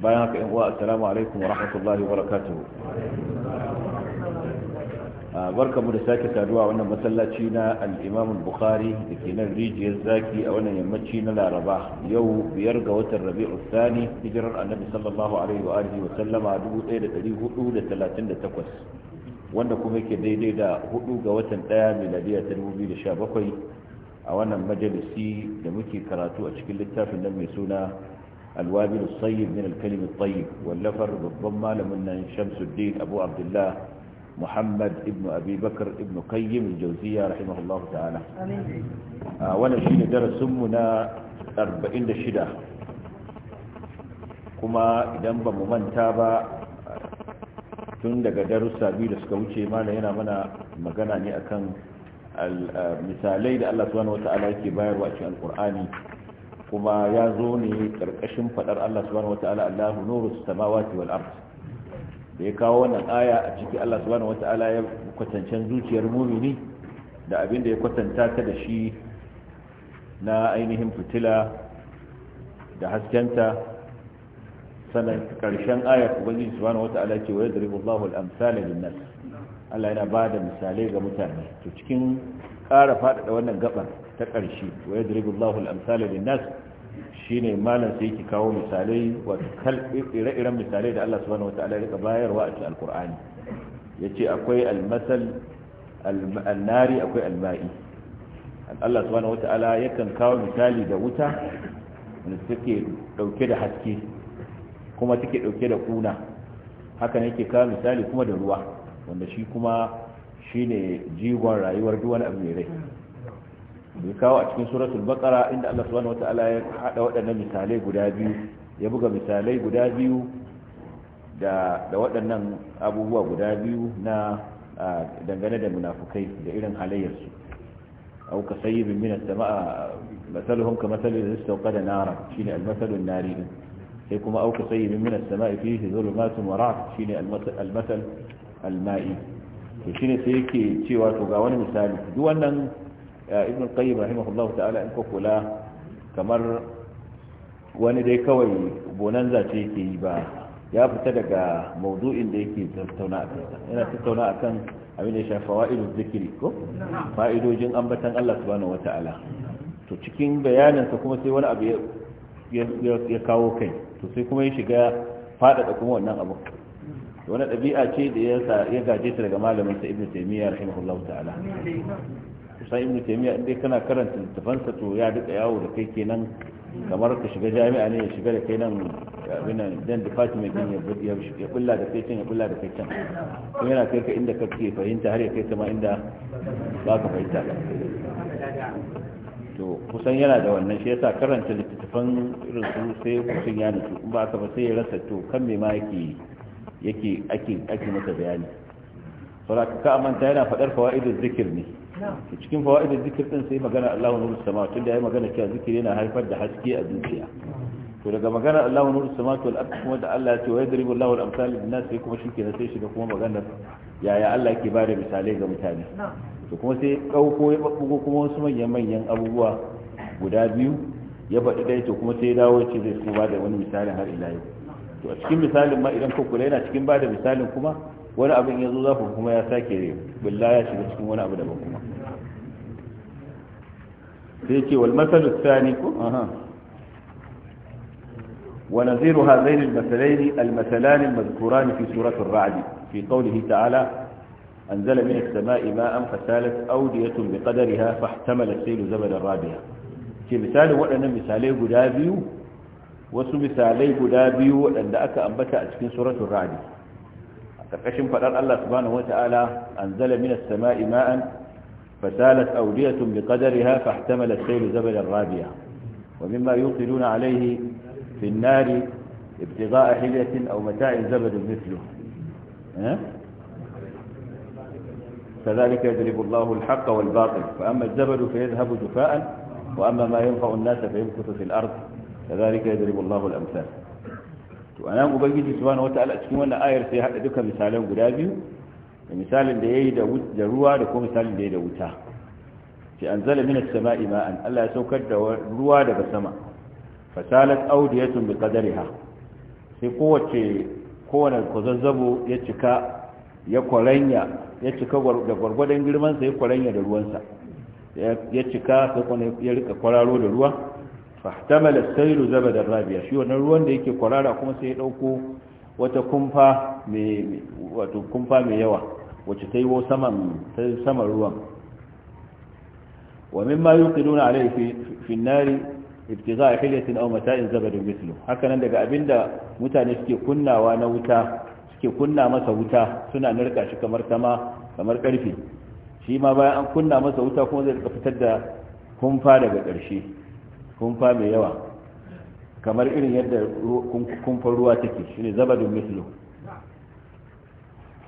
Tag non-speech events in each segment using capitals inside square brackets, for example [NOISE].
bayan haka yan uwa assalamu alaikum wa rahmatullahi wa barakatuhu ah, barkamu da sake saduwa wannan masallaci na al-Imam al-Bukhari da ke nan rijiyar zaki a wannan yammaci na Laraba yau biyar ga watan Rabi'u Thani hijirar Annabi sallallahu alaihi wa alihi wa sallama 1438 wanda kuma yake daidai da 4 ga watan 1 miladiya ta 2017 a wannan majalisi da muke karatu a cikin littafin nan mai suna الوابل الصيب من الكلم الطيب واللفر بالضمة لمن شمس الدين أبو عبد الله محمد ابن أبي بكر ابن قيم الجوزية رحمه الله تعالى آه وانا شين درس سمنا أربعين شدة كما إذن بممن تابا تندق درس سبيل سكوتي ما لهنا منا مغانا ني أكن misalai da Allah subhanahu wata'ala yake bayarwa a cikin alkur'ani kuma ya zo ne ƙarƙashin faɗar Allah subhanahu wataala Allahu nuru samawati wal ard da ya kawo wannan aya a ciki Allah subhanahu wataala ya kwatancen zuciyar mumini da abin da ya kwatanta ta da shi na ainihin fitila da haskenta sannan karshen ayar ubangiji subhanahu wata'ala ce wa yadribu Allahu al-amsala lin-nas Allah yana bada misalai ga mutane to cikin ƙara faɗaɗa wannan gabar ta ƙarshe wa yadribu Allahu al-amsala lin-nas shine malam sai yake kawo misalai wato ire-iren misalai da Allah subhanahu wata'ala ya rika bayarwa a cikin Al-Qur'ani yace akwai al-masal al-nari akwai al-ma'i Allah subhanahu wata'ala yakan kawo misali da wuta wanda suke dauke da haske kuma take dauke da kuna haka ne ke kawo misali kuma da ruwa wanda shi kuma shine jigon rayuwar duk wani abu mai rai bai kawo a cikin suratul baqara inda Allah subhanahu wataala ya hada waɗannan misalai guda biyu ya buga misalai guda biyu da da waɗannan abubuwa guda biyu na dangane da munafukai da irin halayyarsu au ka sayyibin min as-sama'a masaluhum ka masalil istawqada nara shine al-masalun nari din sai kuma auka sayyibin min as-sama'i fihi zulumatun wa ra'd shine al-masal al-ma'i to shine sai yake cewa to ga wani misali duk wannan eh, ibn qayyim ta'ala in ka kula kamar wani dai kawai bonanza ce yake yi ba ya fita daga maudu'in da yake tattauna a kansa yana tattauna akan abin da ya shafa zikiri ko fa'idojin ambatan Allah subhanahu wata'ala to cikin bayaninsa kuma sai wani abu ya kawo kai to sai kuma ya shiga faɗaɗa kuma wannan abu wani dabi'a ce da ya gaje ta daga malamin sa ibn taymiyyah rahimahullahu ta'ala kusan ibn taymiyyah in dai kana karanta sa to ya duka yawo da kai kenan kamar ka shiga jami'a ne ya shiga da kai nan abin dan department din ya bulla da kai can ya da kai can to yana kai ka inda ka ke fahimta har ya kai ta ma inda ba ka fahimta ba to kusan yana da wannan shi yasa karanta littattafan irin su sai kusan ya nutsu in ba ka ba sai ya rasa to kan me ma yake yake ake ake masa bayani saboda ka manta yana faɗar fawaidul zikir ne cikin fawaidul zikir din sai magana Allahu nuru sama tun da ya magana cewa zikiri yana haifar da haske a zuciya to daga magana Allahu nuru sama to al'ad kuma da Allah ya ce wa yadribu Allahu al-amsal lin-nas sai kuma shi ke sai da kuma maganar yaya Allah yake bada misalai ga mutane to kuma sai ɗauko ya ɓaɓɓugo kuma wasu manyan manyan abubuwa guda biyu ya faɗi ɗaya to kuma sai dawo ce zai kuma da wani misalin har ila yau to a cikin misalin ma idan ku kula yana cikin ba da misalin kuma wani abin ya zo za ku kuma ya sake billa ya shiga cikin wani abu daban kuma sai ce wal masalu tsani ko aha ونظير هذين المثلين المثلان المذكوران في سورة الرعد في قوله تعالى أنزل من السماء ماء فسالت أودية بقدرها فاحتمل السيل زبد الرابعة في مثال وأنا مثالي قدابي وسو مثالي قدابي وأن دعك أنبتا أتكين سورة الرعد فقشم فرر الله سبحانه وتعالى أنزل من السماء ماء فسالت أودية بقدرها فاحتمل السيل زبد الرابعة ومما يوقلون عليه في النار ابتغاء حلية أو متاع زبد مثله ها؟ كذلك يضرب الله الحق والباطل فأما الزبد فيذهب جفاء وأما ما ينفع الناس فيمكث في الأرض كذلك يضرب الله الأمثال وأنا أبيد سبحانه وتعالى أتكون آية في هذا دكا مثالين قدابي misalin da ya yi da ruwa da kuma misalin da ya yi da wuta ce an zala minas sama Allah ya saukar da ruwa daga sama sai kowace kowane kwazazzabo ya cika ya kwaranya ya cika da gwargwadon girmansa ya kwaranya da ruwansa ya cika sai ya rika kwararo da ruwa fahtamala sairu zabadar rabiya shi wannan ruwan da yake kwarara kuma sai ya dauko wata kumfa mai wato kumfa mai yawa wacce ta yi saman saman ruwan wa mimma yuqiduna alayhi fi fi nari ibtiza'a hilyatin aw mata'in zabadun mithlu nan daga abinda mutane suke kunnawa na wuta suke kunna masa wuta suna narka shi kamar sama kamar karfe shi ma bayan an kunna masa wuta kuma zai fitar da kumfa daga ƙarshe kumfa mai yawa kamar irin yadda kumfar ruwa take ne zabadun mislu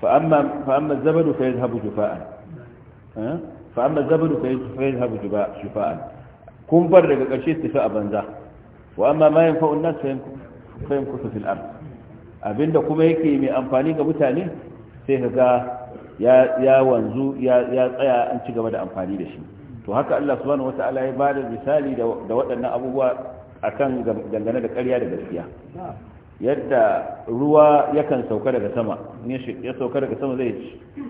fa'amma amma zabadu fa Habu jufa'an eh? fa'amma amma zabadu fa Habu jufa'an kumfar daga ƙarshe fi a banza wa'amma amma fa'un yanfa'u an-nas fa yankusu abinda kuma yake mai amfani ga mutane sai ka ga ya wanzu ya tsaya an ci gaba da amfani da shi to haka Allah subhanahu wata'ala ya ba da misali da waɗannan abubuwa akan dangane da ƙarya da gaskiya yadda ruwa yakan sauka daga sama ya sauka daga sama zai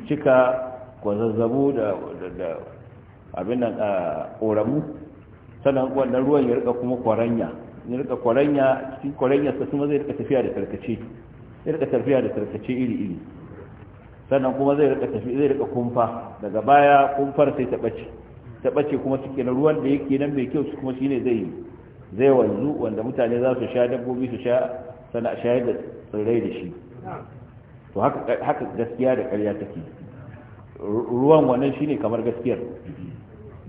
cika kwazazzabu da abin nan a ƙoramu sannan wannan ruwan ya rika kuma kwaranya ya rika kwaranya cikin kwaranya sa kuma zai rika tafiya da tarkace zai rika tafiya da tarkace iri iri sannan kuma zai rika tafi zai rika kumfa daga baya kumfar sai ta bace ta bace kuma cikin ruwan da yake nan mai kyau kuma shine zai yi zai wanzu wanda mutane za su sha dabbobi su sha sana shayar da tsirrai da shi to haka gaskiya da ƙarya take ruwan wannan shine kamar gaskiyar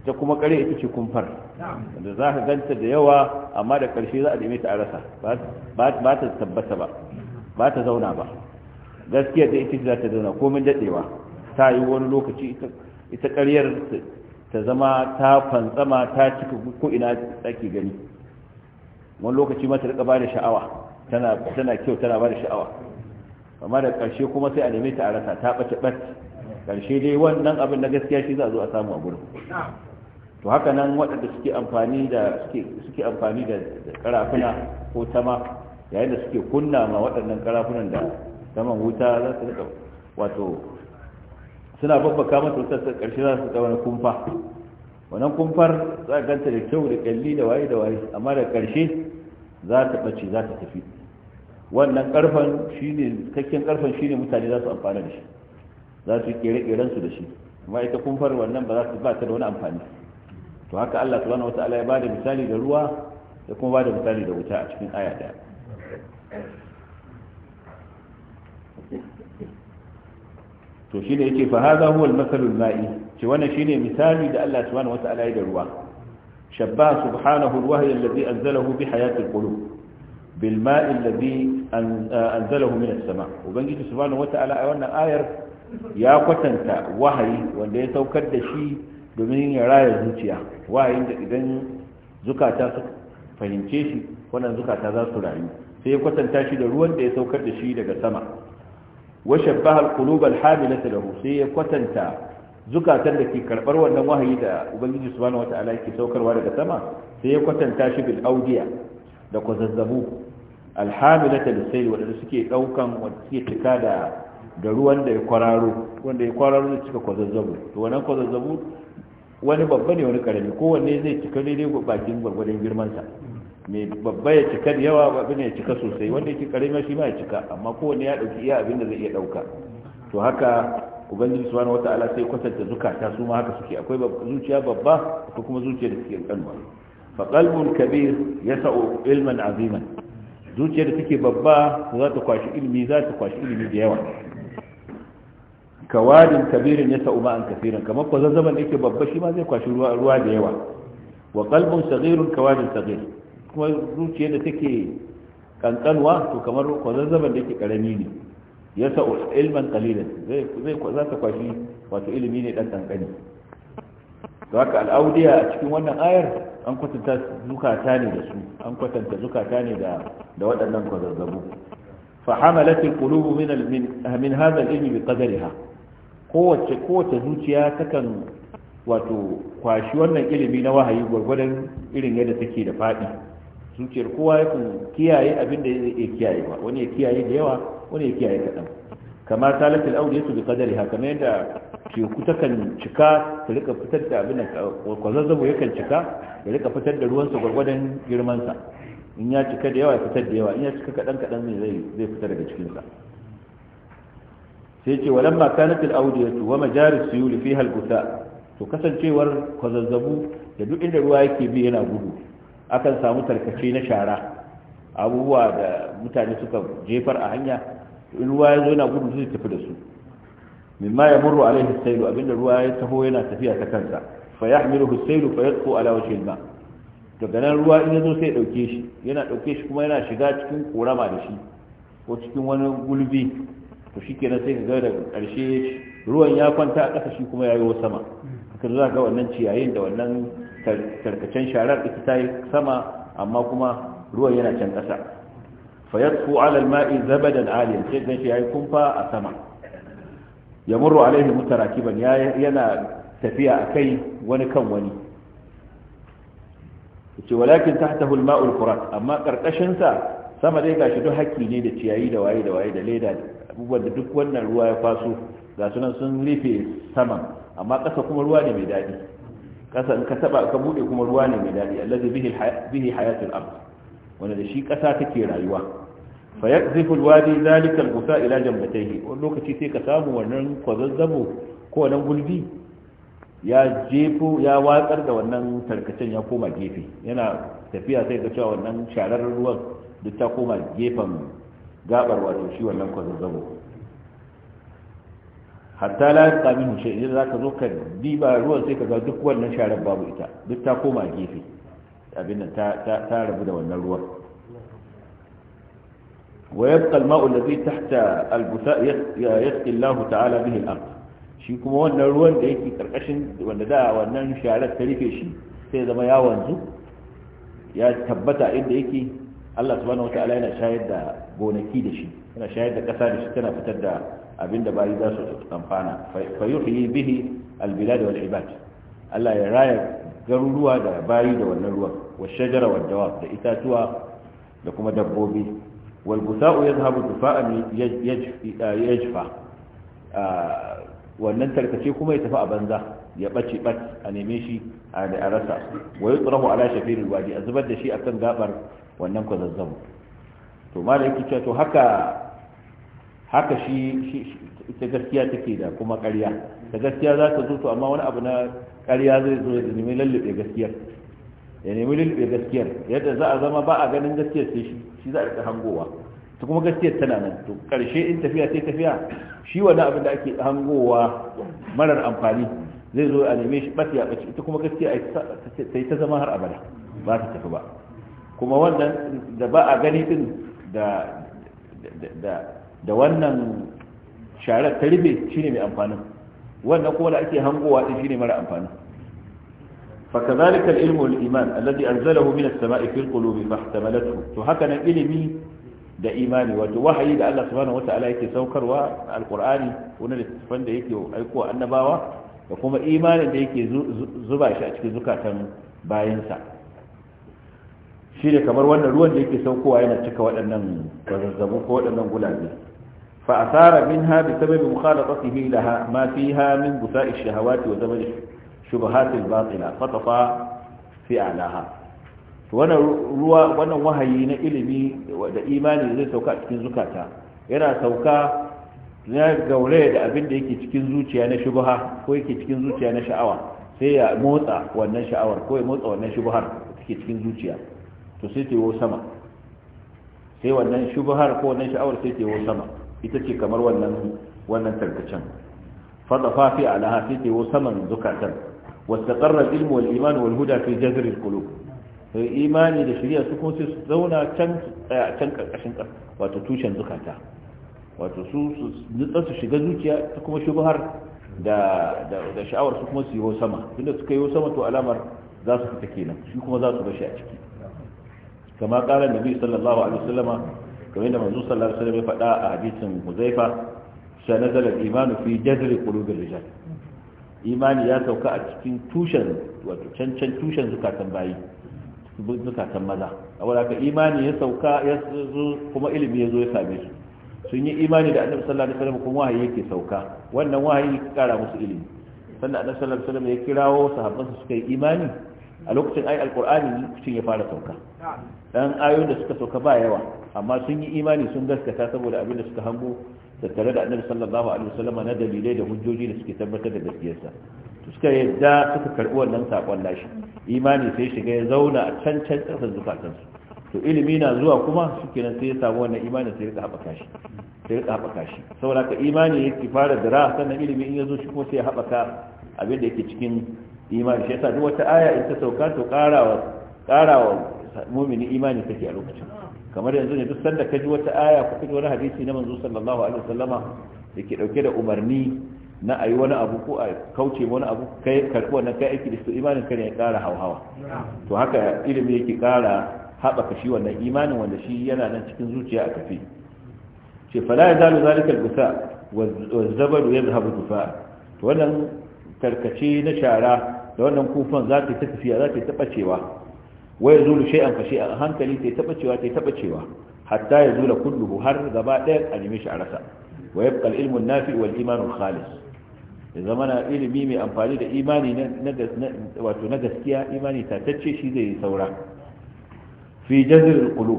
ta kuma ƙarya ita ce kumfar da za ka ganta da yawa amma da ƙarshe za a neme ta a rasa ba ta tabbata ba ba ta zauna ba gaskiya da ita za ta zauna komin daɗewa ta yi wani lokaci ita ƙaryar ta zama ta fantsama ta cika ko ina tsaki gani wani lokaci mata rika ba da sha'awa tana kyau tana ba da sha'awa amma da ƙarshe kuma sai a neme ta a rasa ta ɓace ɓat ƙarshe dai wannan abin na gaskiya shi za a zo a samu a gurin to haka nan waɗanda suke amfani da suke amfani da karafuna ko tama yayin da suke kunna ma waɗannan karafunan da saman wuta za su rika wato suna babbaka mata wutar ta ƙarshe za su wani kumfa wannan kumfar za a ganta da kyau da kalli da waye da waye amma da ƙarshe za ta ɓace za ta tafi wannan ƙarfan shine cikakken ƙarfen shine mutane za su amfana da shi za su kere ƙere su da shi amma ita kumfar wannan ba za su ba ta da wani amfani to haka Allah subhanahu wata'ala ya bada misali da ruwa ya kuma bada misali da wuta a cikin aya daya to shi ne yake fa hadha huwa al-masal al-ma'i ce wannan shine misali da Allah subhanahu wata'ala ya da ruwa shabba subhanahu al alladhi anzalahu bi hayati al-qulub bil ma'i alladhi uh, anzalahu min as-sama' ubangiji subhanahu wata'ala a wannan ayar ya kwatanta wahayi wanda ya saukar da shi domin ya raya zuciya wahayin da idan zukata su fahimce shi wannan zukata za su rayu sai ya kwatanta shi da ruwan da ya saukar da shi daga sama wa shabbaha al-qulub lahu sai ya kwatanta zukatan da ke karbar wannan wahayi da ubangiji subhanahu wata'ala yake saukarwa daga sama sai ya kwatanta shi bil audiya da kwazazzabu al-hamilata lis-sayl suke daukan wanda suke cika da da ruwan da ya kwararo wanda ya kwararo da cika kwazazzabu to wannan kwazazzabu wani babba ne wani karami kowanne zai cika daidai bakin gwargwadon girmansa mai babba ya cika da yawa abin ya cika sosai wanda yake karami shi ma ya cika amma kowanne ya dauki iya abin da zai iya dauka to haka ubangiji subhanahu wataala sai kwatanta zukata su ma haka suke akwai zuciya babba ko kuma zuciya da take kanwa fa qalbun kabir yasau ilman aziman zuciya da take babba za ta kwashi ilimi za ta kwashi ilimi da yawa kawadin kabirin yasau ma'an kafiran kamar ko zazzaban yake babba shi ma zai kwashi ruwa da yawa wa qalbun saghirun kawadin saghir kuma zuciya da take kankanwa to kamar kwazazzaban da yake karami ne ya sa ilman kalilan zai za ta kwashi wato ilimi ne dan kankani to haka al'audiya a cikin wannan ayar an kwatanta zukata ne da su an kwatanta zukata ne da da waɗannan kwazazzabu fa hamalat alqulub min min hadha alilmi bi qadariha kowace kowace zuciya takan wato kwashi wannan ilimi na wahayi gwargwadon irin yadda take da faɗi zuciyar kowa ya kiyaye abin da zai kiyaye ba wani ya kiyaye da yawa wani ya kiyaye kaɗan kamar talatul aure su bi kadari haka mai da teku takan cika ta rika fitar da abin da kwazazzabo yakan cika ya rika fitar da ruwansa gwargwadon girmansa in ya cika da yawa ya fitar da yawa in ya cika kaɗan kaɗan ne zai fitar daga cikinsa sai ce walamma kanatil audiyatu wa majaris suyuli fiha al to kasancewar kwazazzabu da duk inda ruwa yake bi yana gudu akan samu tarkace na shara abubuwa da mutane suka jefar a hanya in ruwa ya zo yana gudu zai tafi da su mimma ya muru alaihi sailu abinda ruwa ya taho yana tafiya ta kansa fa hamilu sailu fa yadqu ala wajhi al to daga nan ruwa in ya zo sai ya dauke shi yana dauke shi kuma yana shiga cikin korama da shi ko cikin wani gulbi to shikenan sai ka ga da karshe ruwan ya kwanta a kasa shi kuma ya yi sama haka za ga wannan ciyayin da wannan tarkacen sharar ita ta yi sama amma kuma ruwan yana can ƙasa fa yadfu ala alma'i zabadan aliyan sai ganshi yi kumfa a sama yamurru alaihi ya yana tafiya kai wani kan wani ce walakin tahtahu hulma furat amma karkashin sa sama dai gashi duk hakki ne da ciyayi da waye da waye da leda abubuwan da duk wannan ruwa ya faso ga sunan sun rufe saman amma ƙasa kuma ruwa ne mai daɗi kasa in ka taba ka bude kuma ruwa ne mai dadi allazi bihi bihi hayatul ard wanda da shi kasa take rayuwa fa yakzifu alwadi zalika alghusa ila jambatayhi wani lokaci sai ka samu wannan kwazazzabo ko wannan gulbi ya jefo ya watsar da wannan tarkacen ya koma gefe yana tafiya sai ka cewa wannan sharar ruwan duk ta koma gefen gabar wato shi wannan kwazazzabo hatta la yabqa minhu shay idan zaka zo ka diba ruwan sai ka ga duk wannan sharar babu ita duk ta koma gefe abin nan ta ta rabu da wannan ruwan wa yabqa al-ma'u alladhi tahta al-busa yasqi Allah ta'ala bihi al-ard shi kuma wannan ruwan da yake karkashin wanda da wannan sharar ta rufe shi sai zama ya wanzu ya tabbata inda yake Allah subhanahu wataala yana shayar da gonaki da shi yana shayar da kasa da shi tana fitar da abinda bayi za su amfana fa yuhyi bihi albilad wal ibad Allah ya raya garuruwa da bayi da wannan ruwan wa shajara wa dawab da itatuwa da kuma dabbobi wal busa'u yadhhabu dufa'an yajfa ah, wannan tarkace kuma ya tafi a banza ya bace bat a neme shi a rasa wa yutrahu ala shafiril wadi a zubar da shi akan gabar wannan kwazazzabu. to malaki ce to haka haka shi ita gaskiya take da kuma ƙarya da gaskiya za ta zo to amma wani abu na ƙarya zai zo da nemi lallube gaskiyar ya nemi lallube gaskiyar yadda za a zama ba a ganin gaskiyar sai shi shi za a rika hangowa to kuma gaskiyar tana nan to ƙarshe in tafiya sai tafiya shi wani abin da ake hangowa marar amfani zai zo a neme shi ɓace ya ɓace ita kuma gaskiya ta yi ta zama har abada ba ta tafi ba kuma wannan da ba a gani din da da wannan sharar ta shi ne mai amfanin wannan kuma da ake hangowa din ne mara amfanin فكذلك العلم والإيمان الذي أنزله من السماء في القلوب فاحتملته فهكذا علمي da imani wato wahayi da Allah subhanahu wataala yake saukarwa alqur'ani wannan littafin da yake aiko annabawa da kuma imanin da yake zuba shi a cikin zukatan bayansa shi ne kamar wannan ruwan da yake saukowa yana cika waɗannan zazzabu ko waɗannan gulabe فأثار منها بسبب مخالطته لها ما فيها من بثاء الشهوات وزمن الشبهات الباطلة فطفى في أعلاها ruwa wannan wahayi na ilimi da imani zai sauka a cikin zukata yana sauka na gaure da abin da yake cikin zuciya na shubha ko yake cikin zuciya na sha'awa sai ya motsa wannan sha'awar ko ya motsa wannan shubhar da take cikin zuciya to sai ta sama sai wannan ko wannan sha'awar sai sama ita ce kamar wannan wannan tarkacen fadafa fi alaha fi wa saman zukatan wastaqarra ilmu wal iman wal huda fi jazr al qulub imani da shari'a su kuma sai su zauna can tsaya can karkashin wato tushen zukata wato su su nutsa su shiga zuciya ta kuma shubhar da da sha'awar su kuma su yiwo sama tunda suka yiwo sama to alamar za su fita kenan shi kuma za su bashi a ciki kama kala nabi sallallahu alaihi wasallama kamar da manzo sallallahu alaihi wasallam ya faɗa a hadisin Huzaifa sai nazala iman fi jadri qulubil rijal imani ya sauka a cikin tushen wato cancan tushen zukatan bayi zukatan maza awala ka imani ya sauka ya kuma ilimi ya zo ya same su sun yi imani da annabi sallallahu alaihi wasallam kuma wahayi yake sauka wannan wahayi ya kara musu ilimi sannan annabi sallallahu alaihi wasallam ya kirawo su suka yi imani a lokacin ayi alqur'ani lokacin ya fara sauka dan ayoyin da suka sauka ba yawa amma sun yi imani sun gaskata saboda abin da suka hango tattare da annabi sallallahu alaihi wasallam na dalilai da hujjoji da suke tabbatar da gaskiyarsa to suka yadda suka karbi wannan sakon nashi imani sai shiga ya zauna a can can tsarsa su to ilimi na zuwa kuma suke nan sai ya samu wannan imani sai ya haɓaka shi sai ya haɓaka shi saboda ka imani yake fara dira sannan ilimi in ya zo shi kuma sai ya haɓaka abin da yake cikin imani shi yasa duk wata aya in ta sauka to ƙarawa ƙarawa mumini imani take a lokacin kamar yanzu ne duk sanda ka ji wata aya ko kaji wani hadisi na manzo sallallahu alaihi wasallama dake dauke da umarni na ayi wani abu ko a kauce wani abu kai karɓi wannan kai aiki da su imanin ka ne ya kara hauhawa to haka ilimi yake kara haɓaka shi wannan imanin wanda shi yana nan cikin zuciya a kafi ce fala ya zalu zalika al-gusa wa zabaru yadhhabu dufa to wannan karkace na shara da wannan kufan za ta tafiya za ta taɓacewa waya zulu an fashi a hankali ta taba cewa sai taba cewa hatta ya zula kulluhu har gaba ɗaya a nemi shi a rasa wa yabqa al-ilmu an-nafi wal iman khalis da zama na ilimi mai amfani da imani wato na gaskiya imani tatacce shi zai yi saura fi jazir al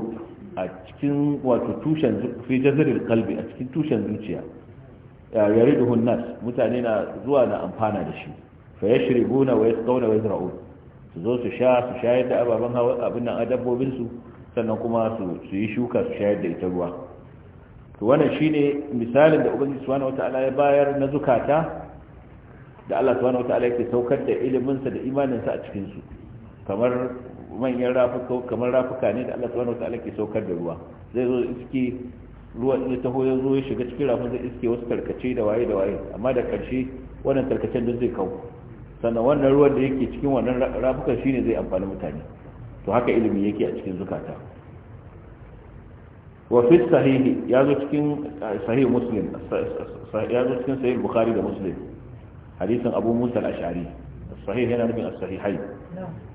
a cikin wato tushen fi jazir al a cikin tushen zuciya yariduhu an-nas mutane na zuwa na amfana da shi fa yashribuna wa yasqawna wa yazra'un su zo su sha su shayar da ababen abin nan a su sannan kuma su yi shuka su shayar da ita ruwa to wannan shine misalin da ubangiji subhanahu wataala ya bayar na zukata da Allah subhanahu wataala yake saukar da iliminsa da imaninsa a cikin su kamar manyan rafuka kamar rafuka ne da Allah subhanahu wataala yake saukar da ruwa zai zo iski ruwan ne taho ya zo ya shiga cikin rafin zai iske wasu tarkace da waye da waye amma da karshe wannan tarkacen duk zai kawo sannan wannan ruwan da yake cikin wannan rafukan shine zai amfani mutane to haka ilimi yake a cikin zukata wa fi sahihi ya zo cikin sahih muslim ya zo cikin sahih bukhari da muslim hadisin abu musa al-ash'ari sahih yana nufin as-sahihai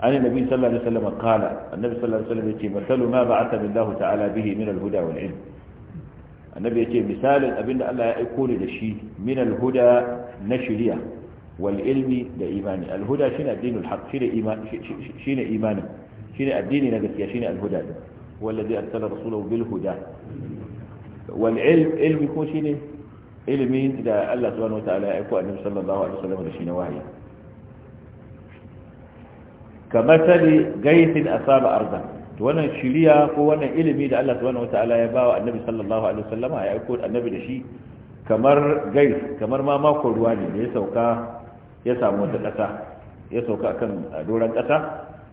an annabi sallallahu alaihi wasallam kala annabi sallallahu alaihi wasallam yace masalu ma ba'atha billahu ta'ala bihi min al-huda wal ilm annabi yace misalin abinda Allah ya aiko ni da shi min al-huda na shari'a wal ilmi da imani alhuda shine addinul haqq shine imani shine imanin shine addini na gaskiya shine alhuda din wallazi arsala rasulahu bil huda wal ilm ilmi ko shine ilmi da Allah subhanahu wataala ya aika annabi sallallahu alaihi wasallam da shine wahayi wannan shiriya ko wannan ilimi da Allah subhanahu wataala ya bawa annabi sallallahu alaihi wasallama ya annabi da shi kamar gais kamar ma mako ruwa ne da ya sauka ya samu wata ƙasa ya sauka akan doron ƙasa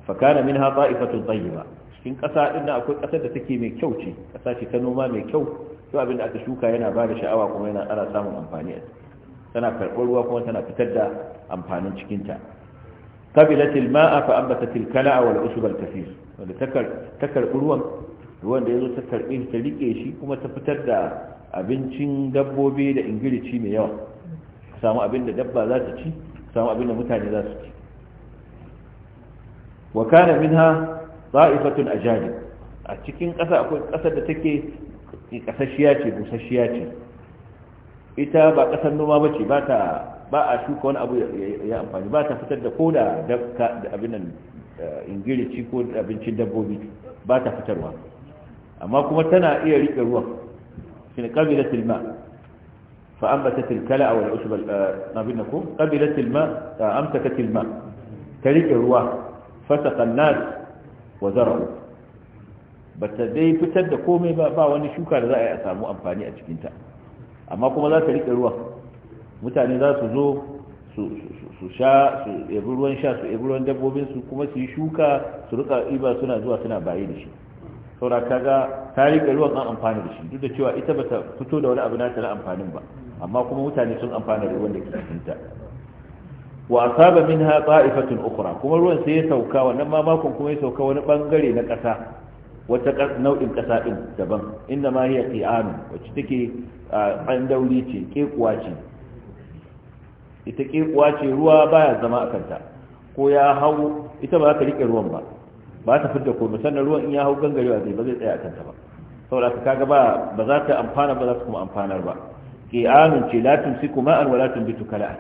fakana min ha ta'ifatun tayyiba cikin kasa din nan akwai ƙasar da take mai kyau ce kasa ce ta noma mai kyau to abin da aka shuka yana ba da sha'awa kuma yana ana samun amfani a tana karɓar ruwa kuma tana fitar da amfanin cikin ta qabilatil ma'a fa ambatatil kala'a wal usbal kathir wanda ta karɓi ruwan ruwan da yazo ta karɓi ta rike shi kuma ta fitar da abincin dabbobi da ingilici mai yawa samu abin da dabba za ta ci samu abin da mutane za su ci wa kana minha ta'ifatun ajali a cikin ƙasa akwai ƙasar da take ƙasashiya ce busashiya ce ita ba ƙasar noma ba ce ba ta ba a shuka wani abu ya amfani ba ta fitar da koda da abin nan ci eh, ko abincin dabbobi ba ta fitarwa amma kuma tana iya riƙe ruwan shi ne kabilatul ma' فأنبتت الكلأ والعشب ما بينكم قبلت الماء أمسكت الماء تريك الرواة فسق الناس وزرعوا bata dai fitar da komai ba ba wani shuka da za a yi a samu amfani a cikinta amma kuma za ta riƙe ruwan mutane za su zo su sha su ebi ruwan sha su ebi ruwan dabbobin su kuma su yi shuka su rika iba suna zuwa suna baye da shi saura kaga ta rike ruwan an amfani da shi duk da cewa ita bata fito da wani abu nata na amfanin ba amma kuma mutane sun amfana da ruwan da ke cikinta wa asaba minha ta'ifatun ukhra kuma ruwan sai ya sauka wannan ma makon kuma ya sauka wani bangare na ƙasa wata nau'in ƙasa din daban inda ma hiya qi'an wacce take an dauri ce kekuwa ce ita kekuwa ce ruwa baya zama a kanta ko ya hau ita ba za ta rike ruwan ba ba ta fidda komai sannan ruwan in ya hau gangarewa zai ba zai tsaya a kanta ba saboda ka kaga ba ba za ta amfana ba za ta kuma amfanar ba qi'anun ce la tumsiku ma'an wa la tumbitu kala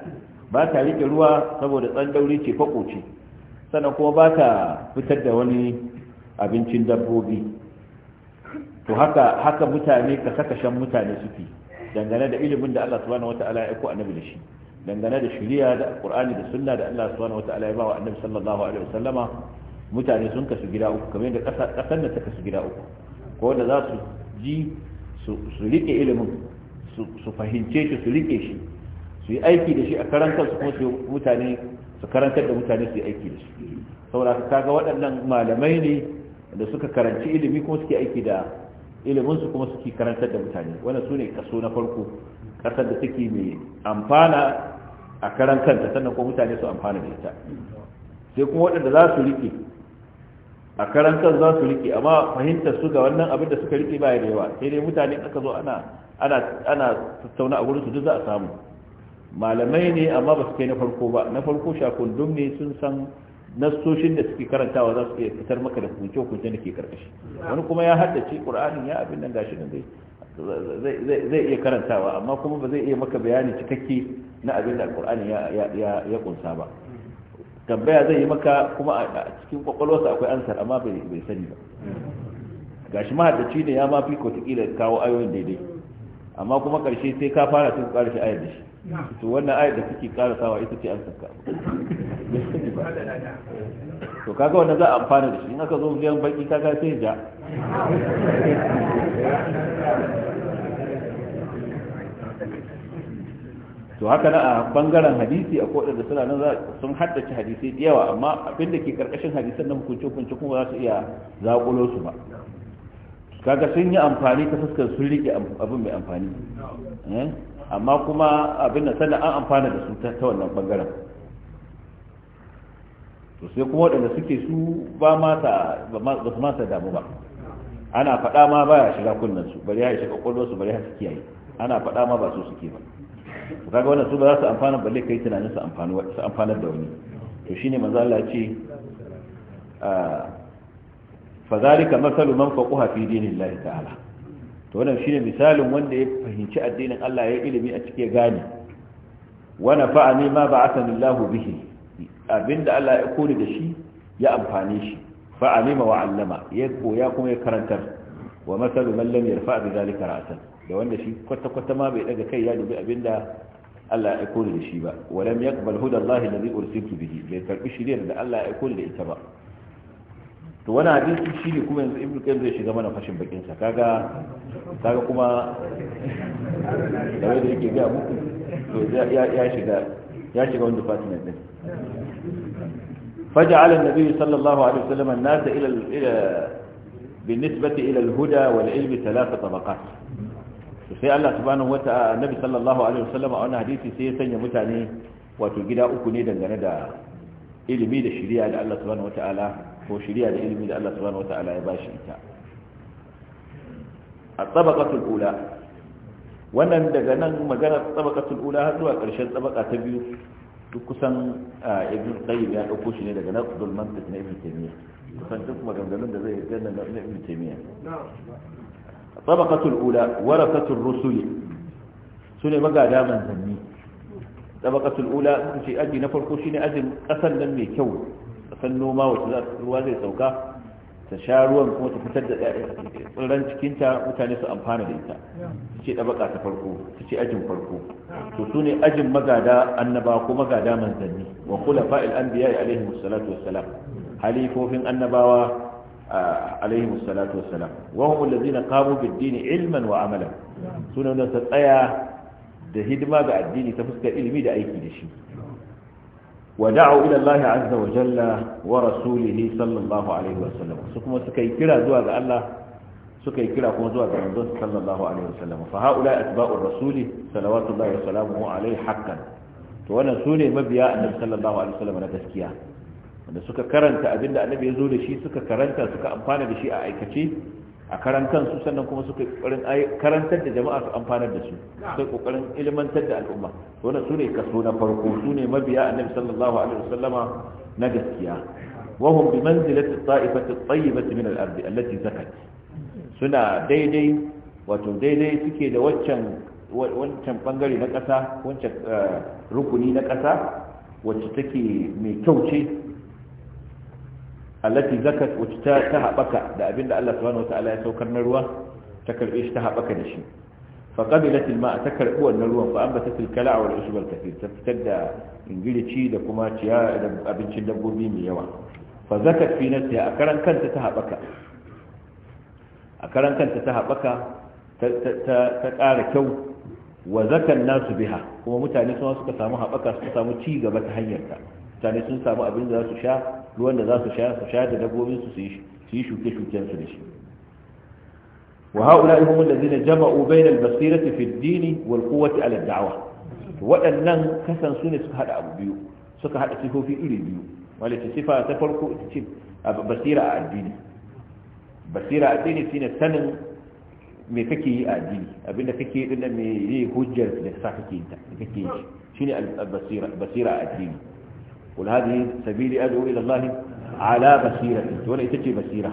ba ta rike ruwa saboda tsandauri ce fako ce sannan kuma ba ta fitar da wani abincin dabbobi to haka haka mutane ka saka shan mutane suke dangane da ilimin da Allah subhanahu wataala ya aiko annabi da shi dangane da shari'a da qur'ani da sunna da Allah subhanahu wataala ya ba wa annabi sallallahu alaihi wasallama mutane sun kasu gida uku kamar yadda kasar da ta kasu gida uku ko da za su ji su rike ilimin su fahimce shi su rike shi su yi aiki da shi a karantar su kuma su mutane su karantar da mutane su yi aiki da shi saboda kaga waɗannan malamai ne da suka karanci ilimi kuma suke aiki da ilimin su kuma suke karantar da mutane wannan su ne kaso na farko kasar da take mai amfana a karan kanta sannan kuma mutane su amfana da ita sai kuma waɗanda za su rike a karan kan za su rike amma fahimtar su ga wannan abin da suka rike ba da yawa sai dai mutane aka zo ana ana tattauna a gurin su duk za a samu malamai ne amma ba su kai na farko ba na farko shakundum ne sun san nasoshin da suke karantawa za su iya fitar maka da kunce kunce da ke karkashi wani kuma ya haddace qur'anin ya abin nan gashi nan zai zai iya karantawa amma kuma ba zai iya maka bayani cikakke na abin da qur'ani ya ya ya kunsa ba tambaya zai yi maka kuma a cikin kwakwalwarsa akwai ansar amma bai sani ba gashi mahaddaci ne ya ma fi ko kawo ayoyin daidai amma kuma karshe sai ka fara sun ƙara shi ayar da shi to wannan ayar da suke ƙara sawa ita ce an saka to kaga wannan za a amfana da shi in aka zo biyan baki kaga sai ja to haka na a bangaren hadisi a kodin da suna nan sun haddace hadisi da yawa amma abin da ke karkashin hadisan na hukunce hukunce kuma za su iya zaƙulo su ba kaga sun yi amfani ta fuskar sun rike abin mai amfani eh? amma kuma abin da sannan an amfana da su ta wannan bangaren to sai kuma waɗanda suke su ba mata ba su mata damu ba ana faɗa ma ba ya shiga kunnan su bari ya shiga ƙwaƙwalwar su bari ya su kiyaye ana faɗa ma ba su suke ba to kaga wannan su ba za su amfana balle kai tunanin su amfanar da wani to shine manzo Allah ya ce ah, fa zalika masalu man faqaha fi dinillahi ta'ala to wannan shine misalin wanda ya fahimci addinin Allah ya ilimi a cike gane wa nafa'ani ma ba'athani Allahu bihi abinda Allah ya kore da shi ya amfane shi fa alima wa allama ya koya kuma ya karantar wa masalu man lam yarfa bi zalika ra'san da wanda shi kwata kwata ma bai daga kai ya dubi abinda Allah ya kore da shi ba wa lam yaqbal huda Allah alladhi ursiltu bihi bai karbi shiriyar da Allah ya kore da ita ba to wani hadisi shi ne kuma yanzu ibnu qayyim zai shiga mana fashin bakin sa kaga kaga kuma da wanda yake ga muku to ya ya shiga ya shiga wani department din فجعل النبي صلى الله عليه وسلم الناس إلى إلى بالنسبة إلى الهدى والعلم ثلاث طبقات sai Allah subhanahu wa ta'ala Nabi sallallahu alaihi wasallam a wannan hadisi sai ya sanya mutane wato gida uku ne dangane da ilimi da shari'a da Allah ko shiriya da ilimi da Allah subhanahu wata'ala ya bashi ita a tsabaqatul ula wannan daga nan magana tsabaqatul ula har zuwa ƙarshen tsabaqa ta biyu duk kusan ibn qayyim ya dauko shi ne daga naqdul mantiq na ibn taymiya kusan duk maganganun da zai yi na ibn taymiya tsabaqatul ula warasatul rusuli ne magada manzanni tsabaqatul ula sun ce aji na farko shi ne ajin kasan nan mai kyau kasar noma wacce za ruwa zai sauka ta sha ruwan kuma ta fitar da tsirran cikinta mutane su amfana da ita ta ce ɗabaka ta farko ta ce ajin farko to su ne ajin magada annaba ko magada manzanni wa kula fa'il an biya alaihi musallatu wassalam halifofin annabawa alaihi musallatu wassalam wa hum allazina qamu bid ilman wa amalan sunan da ta tsaya da hidima ga addini ta fuskar ilimi da aiki da shi ودعوا الى الله عز وجل ورسوله صلى الله عليه وسلم ثم سكاي كيرا زوا ga Allah sukai kira kuma zuwa ga manzon sallallahu alaihi wasallam fa haula atba'ur rasuli salawatu llahi wa alaihi haqqan to wannan sune mabiya annabi sallallahu alaihi wasallam na gaskiya wanda suka karanta abinda annabi ya zo da shi suka karanta suka amfana da shi a aikace a karan kansu sannan kuma suka kokarin karantar da jama'a su amfanar da su sai kokarin ilmantar da al'umma wannan sune kaso na farko sune mabiya annabi sallallahu alaihi wasallama na gaskiya wa hum bi manzilati taifati tayyibati min al-ardi allati zakat suna daidai wato daidai suke da waccan wancan bangare na kasa wancan eh, rukuni na kasa wacce take mai kyau ce allati zakat wata ta ta habaka da abinda Allah subhanahu wataala ya saukar na ruwa ta karbe shi ta habaka da shi fa qabilat alma ta karbi wannan ruwan fa ambatat alkala wal usbal kathir ta fitar da ingilici da kuma ciya da abincin dabbobi mai yawa fa zakat fi nafsiha a karan kanta ta habaka a karan kanta ta habaka ta ƙara kyau wa zakan nasu biha kuma mutane suma suka samu haɓaka suka samu ci gaba ta hanyarta mutane sun samu abin da za su sha ruwan da za su sha su sha da dabbobin su su yi shuke shuken su da shi wa haula ihum allazina jama'u bayna al-basirati fi ad-din wal quwwati ala ad-da'wa waɗannan kasan su ne suka hada abu biyu suka hada sifofi iri biyu walace sifa ta farko ita ce basira a addini basira a addini shine sanin me kake yi a addini abinda kake yi din me yi hujjar da sa kake yi ta kake yi shine basira basira a addini kul hadhihi sabili ad'u ila ala basirati to ita ce basira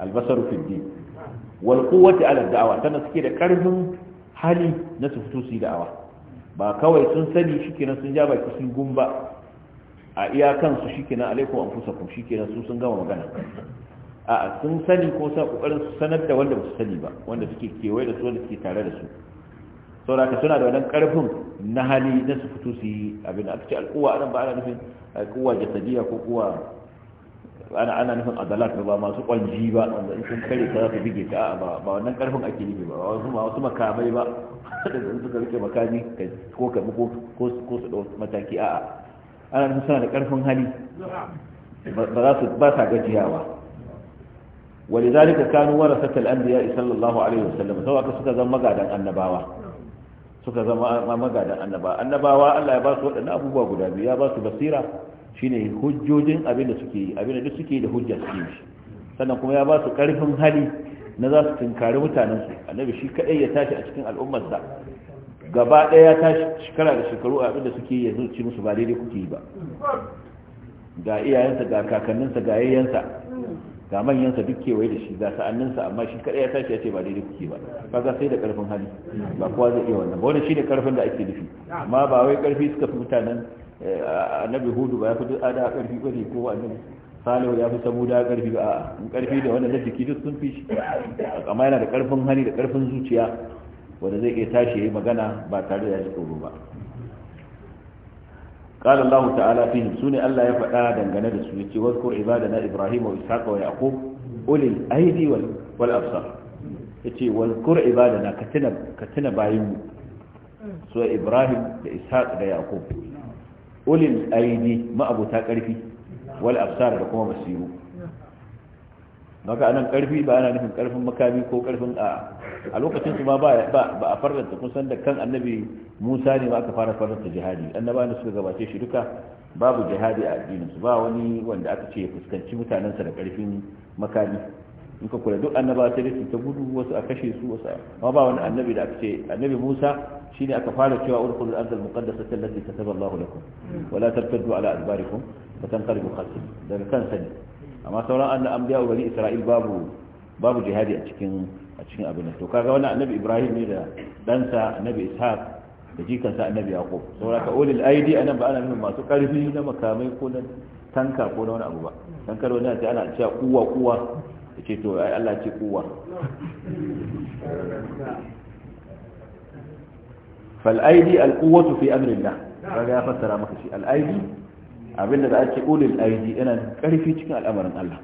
albasaru fi din wal quwwati ala da'wa tana suke da karfin hali na su ba kawai sun sani shikenan sun ja baki sun gumba a iyakan su shikenan alaikum anfusakum shikenan su sun gama magana a sun sani ko sa kokarin su sanar da wanda ba su sani ba wanda suke kewaye da su wanda suke tare da su saboda ka suna da wannan karfin na hali na su fito su yi abin aka ce al'uwa anan ba ana nufin al'uwa jasadiya ko kuwa ana ana nufin adalat ba masu kwanji ba wanda in sun kare ta za su bige ta ba ba wannan karfin ake nufi ba ba wasu makamai ba [LAUGHS] da in suka rike makami ko ka ko ko ko su dau mataki a'a ana nufin suna da karfin hali ba za su ba sa gajiyawa ولذلك كانوا ورثة الأنبياء صلى الله عليه وسلم سواء كسكا زمقا دان النباوة suka zama magadan annaba annabawa Allah ya ba su waɗannan abubuwa guda biyu ya ba su basira shine hujjojin abin da suke yi abin da duk suke da hujja suke yi sannan kuma ya ba su ƙarfin hali na za su tunkari mutanensu annabi shi kaɗai ya tashi a cikin al'ummarsa gaba ɗaya ya tashi shekara da shekaru abin da suke yi ya zuci musu ba daidai kuke yi ba ga iyayensa ga kakanninsa ga yayyensa ga manyansa duk kewaye da shi ga sa'anninsa amma shi kaɗai ya tashi ya ce ba daidai kuke ba kaga sai da ƙarfin hali ba kowa zai iya wannan ba shi shine ƙarfin da ake nufi amma ba wai ƙarfi suka fi mutanen eh, annabi hudu ba ya fi da karfi ƙarfi ne ko annabi salihu ya fi samu da ƙarfi ba a'a in ƙarfi da wannan da jiki duk sun fi shi amma yana da ƙarfin hali da karfin zuciya wanda zai iya tashi ya yi magana ba tare da ya ji tsoro ba قال الله تعالى فيهم سنة ألا يفعل دنغنا دسويتي واذكر عبادنا إبراهيم وإسحاق ويعقوب أولي الأيدي والأبصار يتي واذكر عبادنا كتنا, كتنا بايم سوى إبراهيم وإسحاق ويعقوب أولي الأيدي ما أبو تاكرفي والأبصار لكم مسيرو maka anan karfi ba ana nufin karfin makami ko karfin a a lokacin su ma ba a farlanta san da kan annabi musa ne ba aka fara farlanta jihadi annaba da suka gabace shi duka babu jihadi a addinin su ba wani wanda aka ce ya fuskanci mutanensa da karfin makami in ka kula duk annaba ta rufe ta gudu wasu a kashe su wasu amma ba wani annabi da aka ce annabi musa shine aka fara cewa wani urkul al-ardh al-muqaddasah ta kataba Allah lakum wa la tartaddu ala adbarikum fatanqalibu khasir daga kan sani amma sauran annabawa bani isra'il babu babu jihadi a cikin a cikin abin to kaga wannan annabi ibrahim ne da dansa annabi ishaq da jikansa annabi yaqub saboda ka ulil aidi anan ba ana nuna masu karfi na makamai ko na tanka ko na wani abu ba dan kar wani ce ana cewa kuwa kuwa yace to ai Allah ce kuwa fal aidi al quwwatu fi amrillah kaga ya fassara maka shi al aidi abinda da ake ulil aidi yana karfi cikin al'amarin Allah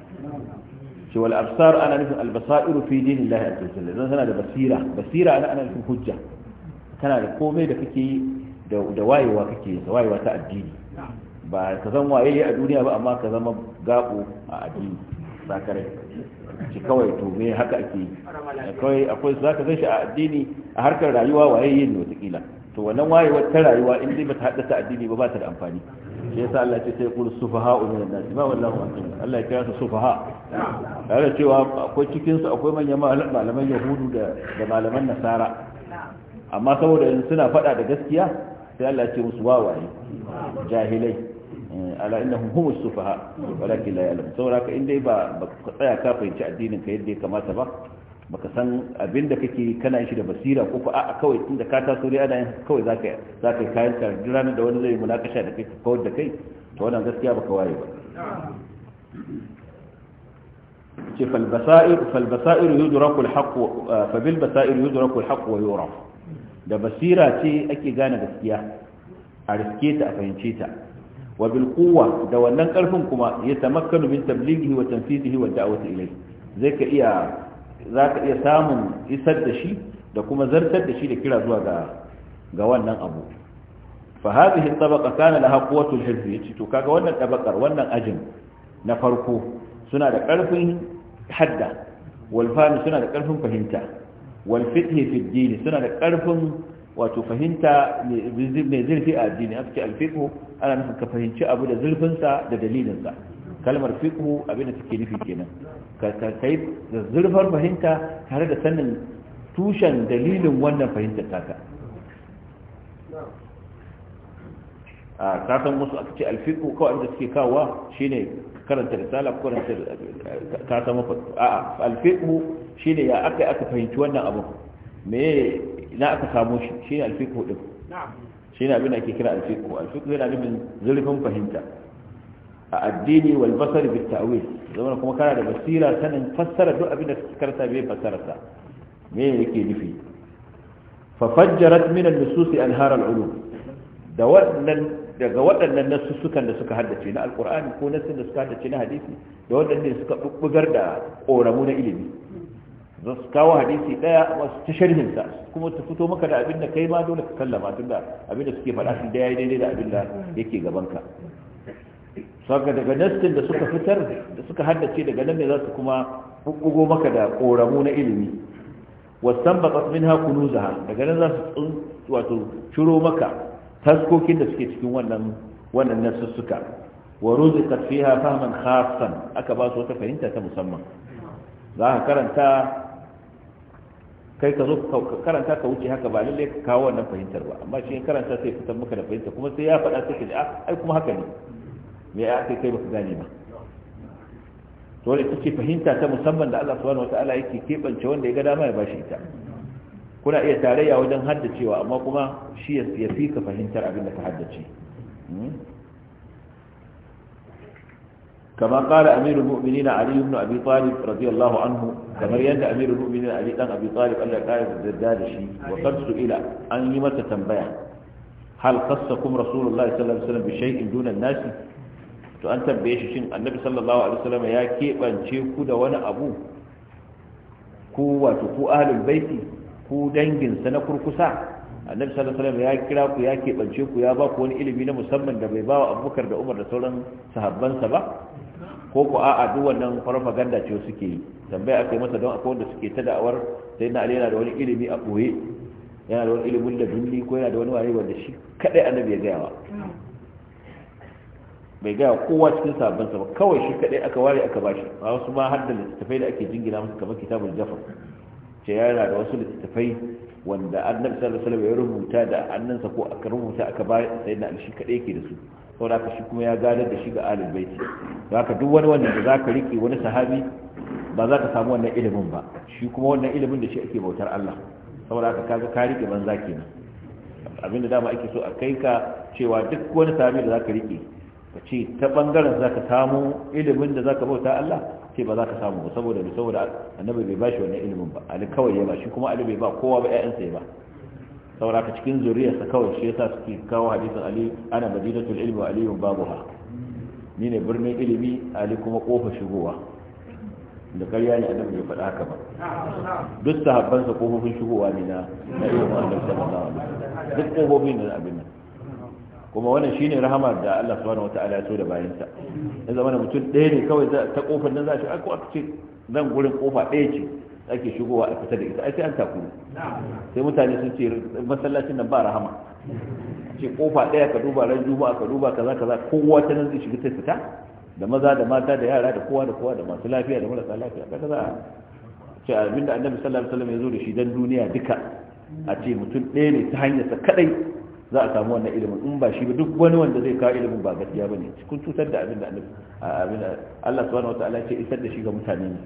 ce wal absar ana nufin albasairu fi dinillahi azza wajalla dan tana da basira basira ana ana nufin hujja tana da komai da kake da da wayewa kake da wayewa ta addini ba ka zama waye a duniya ba amma ka zama gabo a addini sakarai ci kawai to me haka ake kawai akwai zaka gan shi a addini a harkar rayuwa waye yin wata kila to wannan wayewar ta rayuwa in dai bata haddasa addini ba ba ta da amfani shi yasa Allah ce sai kul sufaha min an-nas ma wallahu a'lam Allah ya kira su sufaha tare cewa akwai cikin su akwai manyan malaman yahudu da da malaman nasara amma saboda in suna faɗa da gaskiya sai Allah ya ce musu wawaye jahilai eh, ala innahum hum as-sufaha walakin la ya'lam saboda ka in dai ba ka tsaya ka fahimci addinin ka yadda ya kamata ba baka san abin da kake kana shi da basira ko a'a kawai tun da ka taso dai ana yin kawai zaka zaka kayan ka ne da wani zai mulakasha da kai kawar da kai to wannan gaskiya baka waye ba ce falbasa'ir falbasa'ir yudraku alhaq ah, fa bil basa'ir yudraku alhaq wa yura da basira ce ake gane gaskiya a riske ta a fahimce ta wa bil quwwa da wannan karfin kuma ya tamakkanu min tablighi wa tanfidihi wa da'wati ilayhi zai ka iya za ka iya samun isar da shi da kuma zartar da shi da kira zuwa ga wannan abu fa hadhihi tabaqa kana laha quwwatul hizbi yace to kaga wannan tabakar wannan ajin na farko suna da ƙarfin hadda wal suna da ƙarfin fahimta wal fiqh fi suna da ƙarfin wato fahimta mai zurfi a addini aka ce al ana nufin ka fahimci abu da zurfinsa da dalilinsa kalmar fiqhu abin da take nufi kenan ka kai da zurfar fahimta tare da sanin tushen dalilin wannan fahimtar taka a kasan musu aka ce alfiqhu kawai abin da suke kawowa shine karanta risala ko karanta ka san mafa a alfiqhu shine ya aka aka fahimci wannan abu me na aka samu shi shine alfiqhu din na'am shine abin da ake kira alfiqhu alfiqhu yana nufin zurfin fahimta a addini wal basari bit ta'wil zama kuma kana da basira sanin fassara duk abin da kake karanta bai fassara sa me yake nufi fa fajjarat min an-nusus anhar al-ulum da wannan daga waɗannan nasussukan da suka haddace na alkur'ani ko nasin da suka haddace na hadisi da waɗanda suka bubbugar da ƙoramu na ilimi za su kawo hadisi ɗaya masu ta sharhinsa kuma ta fito maka da abin da kai ma dole ka kallama tun abin da suke faɗa shi daya ya yi daidai da abin da yake gabanka saka daga nastin da suka fitar da suka haddace daga nan ne za su kuma bubbugo maka da koramu na ilimi wasan baƙas min ha kunuzaha daga nan za su wato ciro maka taskokin da suke cikin wannan wannan nasussuka wa ruziqat fiha fahman khassan aka ba su wata fahimta ta musamman za ka karanta kai ka zo karanta ka wuce haka ba lalle ka kawo wannan fahimtar ba amma shi karanta sai fitar maka da fahimta kuma sai ya faɗa sai ka ji ah, ai kuma haka ne me ya ake kai ba su gane ba to ita ce fahimta ta musamman da Allah subhanahu wataala yake kebance wanda ya ga dama ya bashi ita kuna iya tarayya wajen haddacewa amma kuma shi ya fi ka fahimtar abin da ka haddace كما قال أمير المؤمنين علي بن أبي طالب رضي الله عنه كما يند أمير المؤمنين علي بن أبي طالب أن يقال الزداد شيء وقد سئل أن يمت تنبيع هل قصكم رسول الله صلى الله عليه وسلم بشيء دون الناس to an tambaye shi shin annabi sallallahu alaihi wasallam ya keɓance ku da wani abu ku wato ku ahlul baiti ku sa na kurkusa annabi sallallahu alaihi wasallam ya kira ku ya keɓance ku ya ba ku wani ilimi na musamman da bai ba wa abubakar da umar da sauran sahabbansa ba ko ku a'a duk wannan propaganda ce suke yi tambaya akai masa don akwai wanda suke ta da'awar sai na ali yana da wani ilimi a boye yana da wani ilimin da dunni ko yana da wani waye wanda shi kadai annabi ya gaya wa bai gaya kowa cikin sabansa ba kawai shi kadai aka ware aka bashi a wasu ma har da littattafai da ake jingina musu kamar kitabul jafar ce yana da wasu littattafai wanda annabi sallallahu alaihi wasallam ya rubuta da annansa ko aka rubuta aka ba sai ali shi kadai yake da su saboda haka shi kuma ya gadar da shi ga ahlul baiti don haka duk wani wanda za ka rike wani sahabi ba za ka samu wannan ilimin ba shi kuma wannan ilimin da shi ake bautar Allah saboda haka kaga ka rike banza kenan abinda dama ake so a kai ka cewa duk wani sahabi da za ka rike ka ce ta ɓangaren za ka samu ilimin da za ka bauta Allah ce ba za ka samu ba saboda saboda annabi bai bashi wannan ilimin ba ali kawai ya ba shi kuma ali bai ba kowa ba ƴaƴansa ya ba saboda ka cikin zuriyarsa kawai shi yasa suke kawo hadisin ali ana madinatul ilmi wa aliyun babuha ni ne birnin ilimi ali kuma kofa shigowa da ƙarya ne annabi bai faɗa haka ba duk sahabbansa kofofin shigowa ne na na ilimin annabi sallallahu alaihi wasallam duk kofofin da abin nan kuma wannan shine rahama da Allah subhanahu wataala ya so da bayanta, ya zama mutum ɗaya ne kawai ta kofar nan za shi ko aka ce nan gurin kofa ɗaya ce ake shigowa a fita da ita ai sai an taku sai mutane sun ce masallacin nan ba rahama ce kofa ɗaya ka duba ran juma'a ka duba kaza kaza kowa ta nan zai shiga ta fita da maza da mata da yara da kowa da kowa da masu lafiya da marasa lafiya kaga za a ce abinda annabi sallallahu alaihi wasallam ya zo da shi dan duniya duka a ce mutum ɗaya ne ta hanyarsa kadai za a samu wannan ilimin in ba shi ba duk wani wanda zai kawo ilimin ba gaskiya bane kun cutar da abin da abin Allah subhanahu wataala ce isar da shi ga mutane ne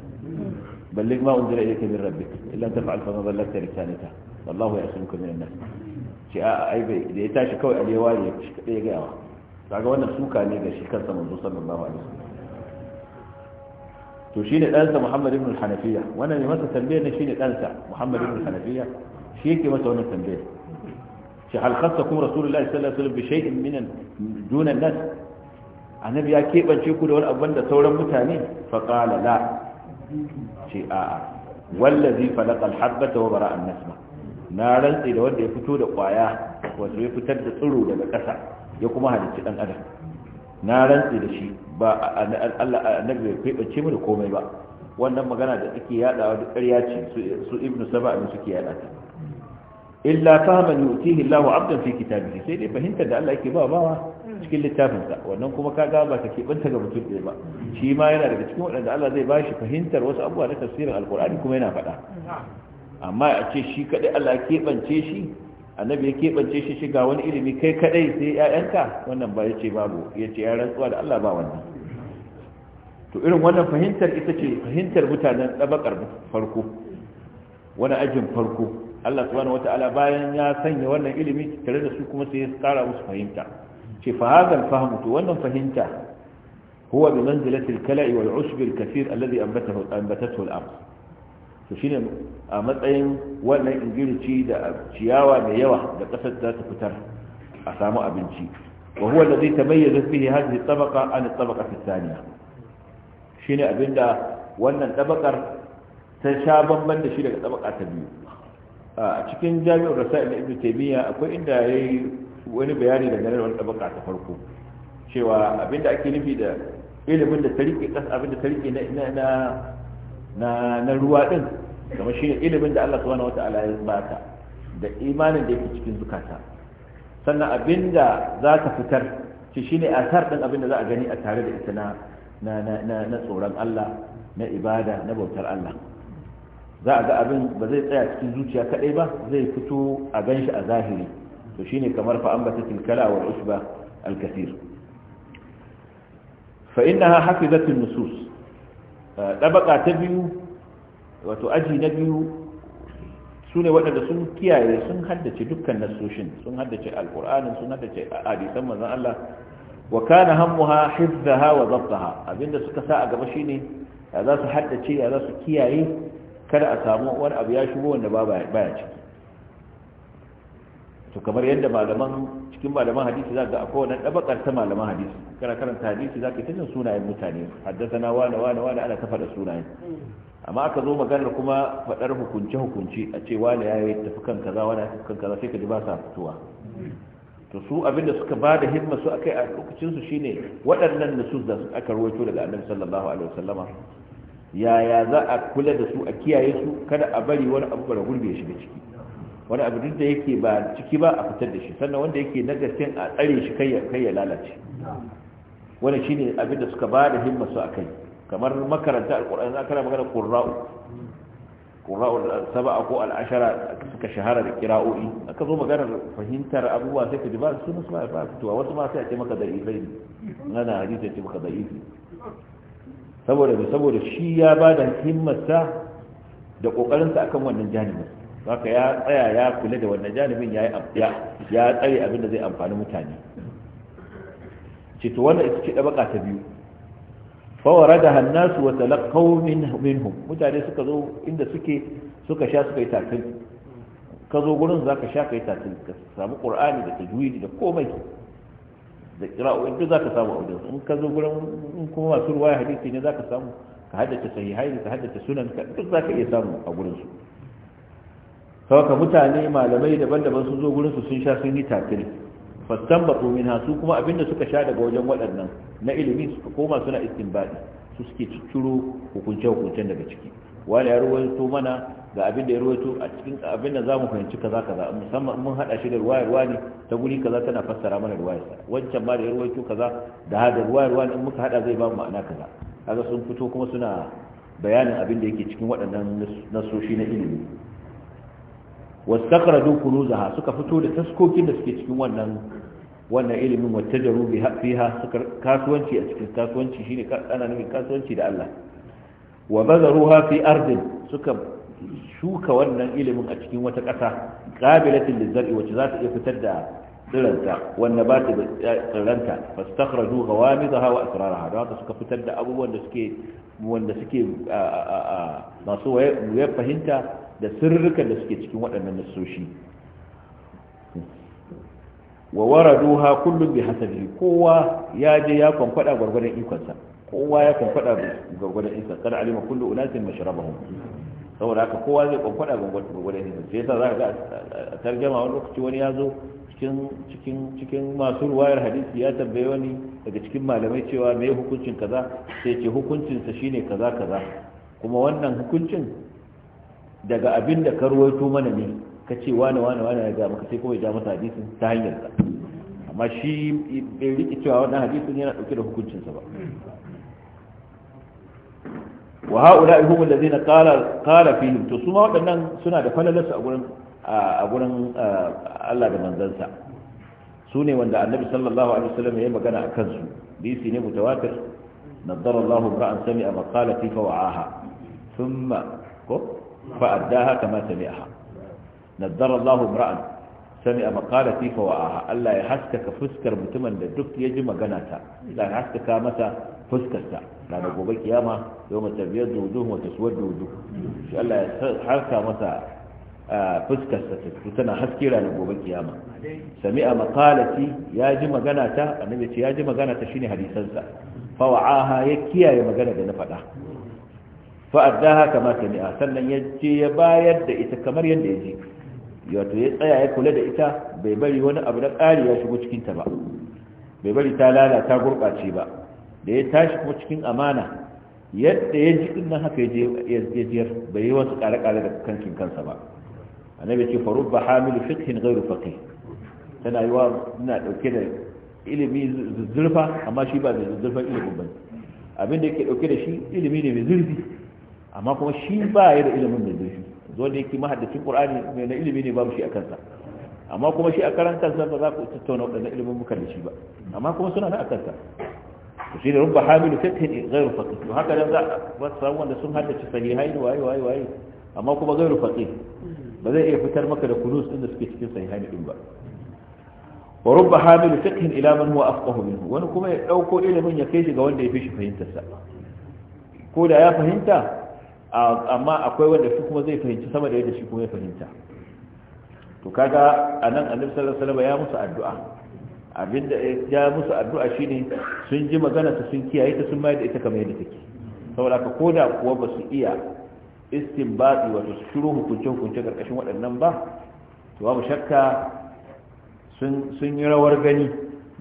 ballig ma unzira ilayka min rabbik illa taf'al fa madallaka lisanaka wallahu ya'simuka min an-nas ce a ai bai da ya tashi kawai alewa ya shi kada ya yawa kaga wannan suka ne ga shi kansa manzo sallallahu alaihi wasallam to shine dan sa Muhammad ibn al-Hanafiya wannan ne masa tambayar ne shine dan sa Muhammad ibn al-Hanafiya shi yake masa wannan tambayar shi halkarsa kuma rasulullahi sallallahu alaihi wasallam bi minan dunan nas annabi ya kebance ku da wani abin da sauran mutane fa qala la ce a'a wallazi falaqa al wa bara'a an na rantsi da wanda ya fito da kwaya wato ya fitar da tsiro daga ƙasa ya kuma halicci dan adam na rantsi da shi ba Allah annabi bai kebance mu da komai ba wannan magana da ake yadawa duk ƙarya ce su ibnu saba'a suke yada ta illa fahman yutihi Allah abdan fi kitabihi sai dai fahimta da Allah yake ba bawa cikin littafinsa wannan kuma kaga ba ka kebanta ga mutum ɗaya ba shi ma yana daga cikin waɗanda Allah zai bashi fahimtar wasu abubuwa na tafsirin alkur'ani kuma yana faɗa amma a ce shi kaɗai Allah ya keɓance shi annabi ya keɓance shi shiga wani ilimi kai kaɗai sai ƴaƴanka wannan ba ya ce babu ya ya rantsuwa da Allah ba wannan to irin wannan fahimtar ita ce fahimtar mutanen ɗabakar farko wani ajin farko Allah subhanahu wata'ala bayan ya sanya wannan ilimi tare da su kuma sai ya tsara musu fahimta ce fa hadal fahmu to wannan fahimta huwa bi manzilati al-kala'i wal 'usb al-kathir alladhi anbatahu anbatathu al-ard to shine a matsayin wannan ingirici da ciyawa da yawa da kasar za ta fitar a samu abinci wa huwa alladhi tamayyaza bihi hadhihi at-tabaqa an at-tabaqati ath-thaniya shine abinda wannan tabakar ta sha bamban da shi daga tabaka ta biyu a cikin jami'ar rasa'il ibn taymiya akwai inda yayi wani bayani da ganin wani tabaka ta farko cewa abinda ake nufi da ilimin da tarike kas abinda tarike na na na na ruwa din kamar shine ilimin da Allah subhanahu wataala ya baka da imanin da yake cikin zukata sannan abinda za ka fitar shi shine asar din abinda za a gani a tare da ita na na na na tsoron Allah na ibada na bautar Allah za a ga abin ba zai tsaya cikin zuciya kadai ba zai fito a gan shi a zahiri to shine kamar fa ambata tilkala wa usba al-kathir fa innaha hafizat an-nusus dabaka eh, ta biyu wato aji na biyu sune waɗanda sun kiyaye sun haddace dukkan nasoshin sun haddace alqur'anin sun haddace hadisan manzon Allah wa kana hammuha hifzaha wa dabtaha abinda suka sa a gaba shine za su haddace ya za su kiyaye kada a samu wani abu ya shigo wanda ba baya ciki to kamar yadda malaman cikin malaman hadisi za ga akwai wannan dabakar ta malaman hadisi kana karanta hadisi za ka ta jin sunayen mutane haddasa wani wani wani ana ta faɗa sunayen amma aka zo maganar kuma faɗar hukunce hukunci a ce wani ya yi tafi kan kaza wani ya tafi kan kaza sai ka ji ba sa fitowa to su abinda suka ba da himma su akai a lokacin su shine waɗannan nusus da aka rawaito daga annabi sallallahu alaihi wasallama yaya za a kula da su a kiyaye su kada a bari wani abu bara gurbe shi da ciki wani abu duk da yake ba ciki ba a fitar da shi sannan wanda yake na gaskiyan a tsare shi kai ya lalace wani shine abin da suka ba da himma su akai kamar makaranta alqur'ani za kana magana qurra'u qurra'u sab'a ko al'ashara suka shahara da qira'o'i aka zo magana fahimtar abubuwa sai ka ji ba su musu ba to wasu ma sai a ce maka da ne nana hadisi ce maka da da'ifi saboda da saboda shi ya ba da himmarsa da sa akan wannan janibin haka ya tsaya ya kula da wannan janibin ya ya tsare abin da zai amfani mutane cito wannan ita ce dabaka ta biyu fawara da hannasu wa talaqaw minhum mutane suka zo inda suke suka sha suka yi tatil ka zo gurin zaka sha kai tatil ka samu qur'ani da tajwidi da komai da kira'o'in duk za ka samu audiyo in ka zo gurin in kuma masu ruwa hadisi ne za ka samu ka haddace ka haddace sunan ka duk za ka iya samu a gurin su sauka mutane malamai daban-daban sun zo gurin su sun sha sun yi tafil fastan batu minha su kuma abinda suka sha daga wajen waɗannan na ilimi suka koma suna istinbadi su suke cicciro hukunce-hukuncen daga ciki wani ya ruwaito mana ga abin da ya ruwaito a cikin abin da zamu fahimci kaza kaza musamman mun hada shi da ruwayar wani ta guri kaza tana fassara mana ruwayar sa wancan ma da ya ruwaito kaza da hada ruwayar wani in muka hada zai ba mu ma'ana kaza kaga sun fito kuma suna bayanin abin da yake cikin waɗannan nasoshi na ilimi wastakhradu kunuzaha suka fito da taskokin da suke cikin wannan wannan ilimin wattajaru bi fiha suka kasuwanci a cikin kasuwanci shine ana nufin kasuwanci da Allah wa bazaruha fi ardin suka shuka wannan ilimin a cikin wata ƙasa da lizar'i wacce za ta iya fitar da tsiranta wanda ba ta tsiranta fastakhraju ghawamidaha wa hawa asraraha don haka suka fitar da abubuwan da suke wanda suke masu wayar fahimta da sirrukan da suke cikin waɗannan nasoshi wa waraduha kullum bi hasabihi kowa ya je ya kwankwada gwargwadon ikonsa kowa ya kwankwada gwargwadon ikonsa kada alima kullu unasin mashrabahum saboda haka kowa zai kwankwada gwagwada ne sai yasa za ka ga a tarjama wani lokaci wani ya zo cikin masu ruwayar hadisi ya tambaye wani daga cikin malamai cewa me hukuncin kaza sai ce hukuncinsa shine kaza kaza kuma wannan hukuncin daga abin da ka mana ne ka ce wane wane wani ya gama ka sai kuma ya ja masa hadisin ta hanyar ka amma shi bai rike cewa wannan hadisin yana dauke da hukuncinsa ba wa haula hum allazina qala qala fihim to su ma suna da falalarsu a gurin a gurin Allah da manzansa su ne wanda annabi sallallahu alaihi wasallam ya yi magana a kansu bisi ne mutawatir naddara Allah ra'an sami'a maqalati fa wa'aha thumma ko fa addaha kama sami'aha naddara Allah ra'an sami'a maqalati fa wa'aha Allah ya haskaka fuskar mutumin da duk ya ji magana ta Allah ya haskaka masa fuskarsa ranar gobe kiyama yau mace biyar wata suwar dodo shi Allah ya harka masa fuskarsa ta fito tana haske ranar gobe kiyama sami'a maqalati ya ji magana ta annabi ce ya ji magana ta shine hadisansa fa wa'aha ya kiyaye magana da na faɗa fa addaha kama sami'a sannan ya ce ya bayar da ita kamar yadda ya ji wato ya tsaya ya kula da ita bai bari wani abu na ƙari ya shigo cikinta ba bai bari ta lalata gurɓace ba da ya tashi kuma cikin amana yadda ya ji ɗin haka ya jiyar bai yi wasu kare-kare da kankin kansa ba annabi ce faru ba hamilu fiqhin gairu faqih tana yi wa na dauke da ilimi zurfa amma shi ba da zurfan ilimin ba abin da yake dauke da shi ilimi ne mai zurfi amma kuma shi ba ya da ilimin mai zurfi zo da yake mahaddacin ƙur'ani mai na ilimi ne babu shi a kansa amma kuma shi a karan kansa ba za ku tattauna wadannan ilimin muka da shi ba amma kuma suna na a kansa shi da rubba hamilu fiqhin gairu faqih to haka dan za a samu wanda sun haddace sahihai ne waye waye waye amma kuma gairu faqih ba zai iya fitar maka da kunus din da suke cikin sahihai din ba wa rubba hamilu fiqhin ila man huwa afqahu minhu wani kuma ya dauko ilimin ya kai shi ga wanda ya fi shi fahimtar sa ko da ya fahimta amma akwai wanda shi kuma zai fahimci sama da yadda shi kuma ya fahimta to kaga anan annabi sallallahu alaihi wasallam ya musu addu'a abinda ya musu addu'a shine sun ji magana ta sun kiyaye ta sun mayar da ita kamar yadda take saboda ka koda kuwa ba su iya istinbati wato su shiro hukuncin hukuncin karkashin waɗannan ba to babu shakka sun yi rawar gani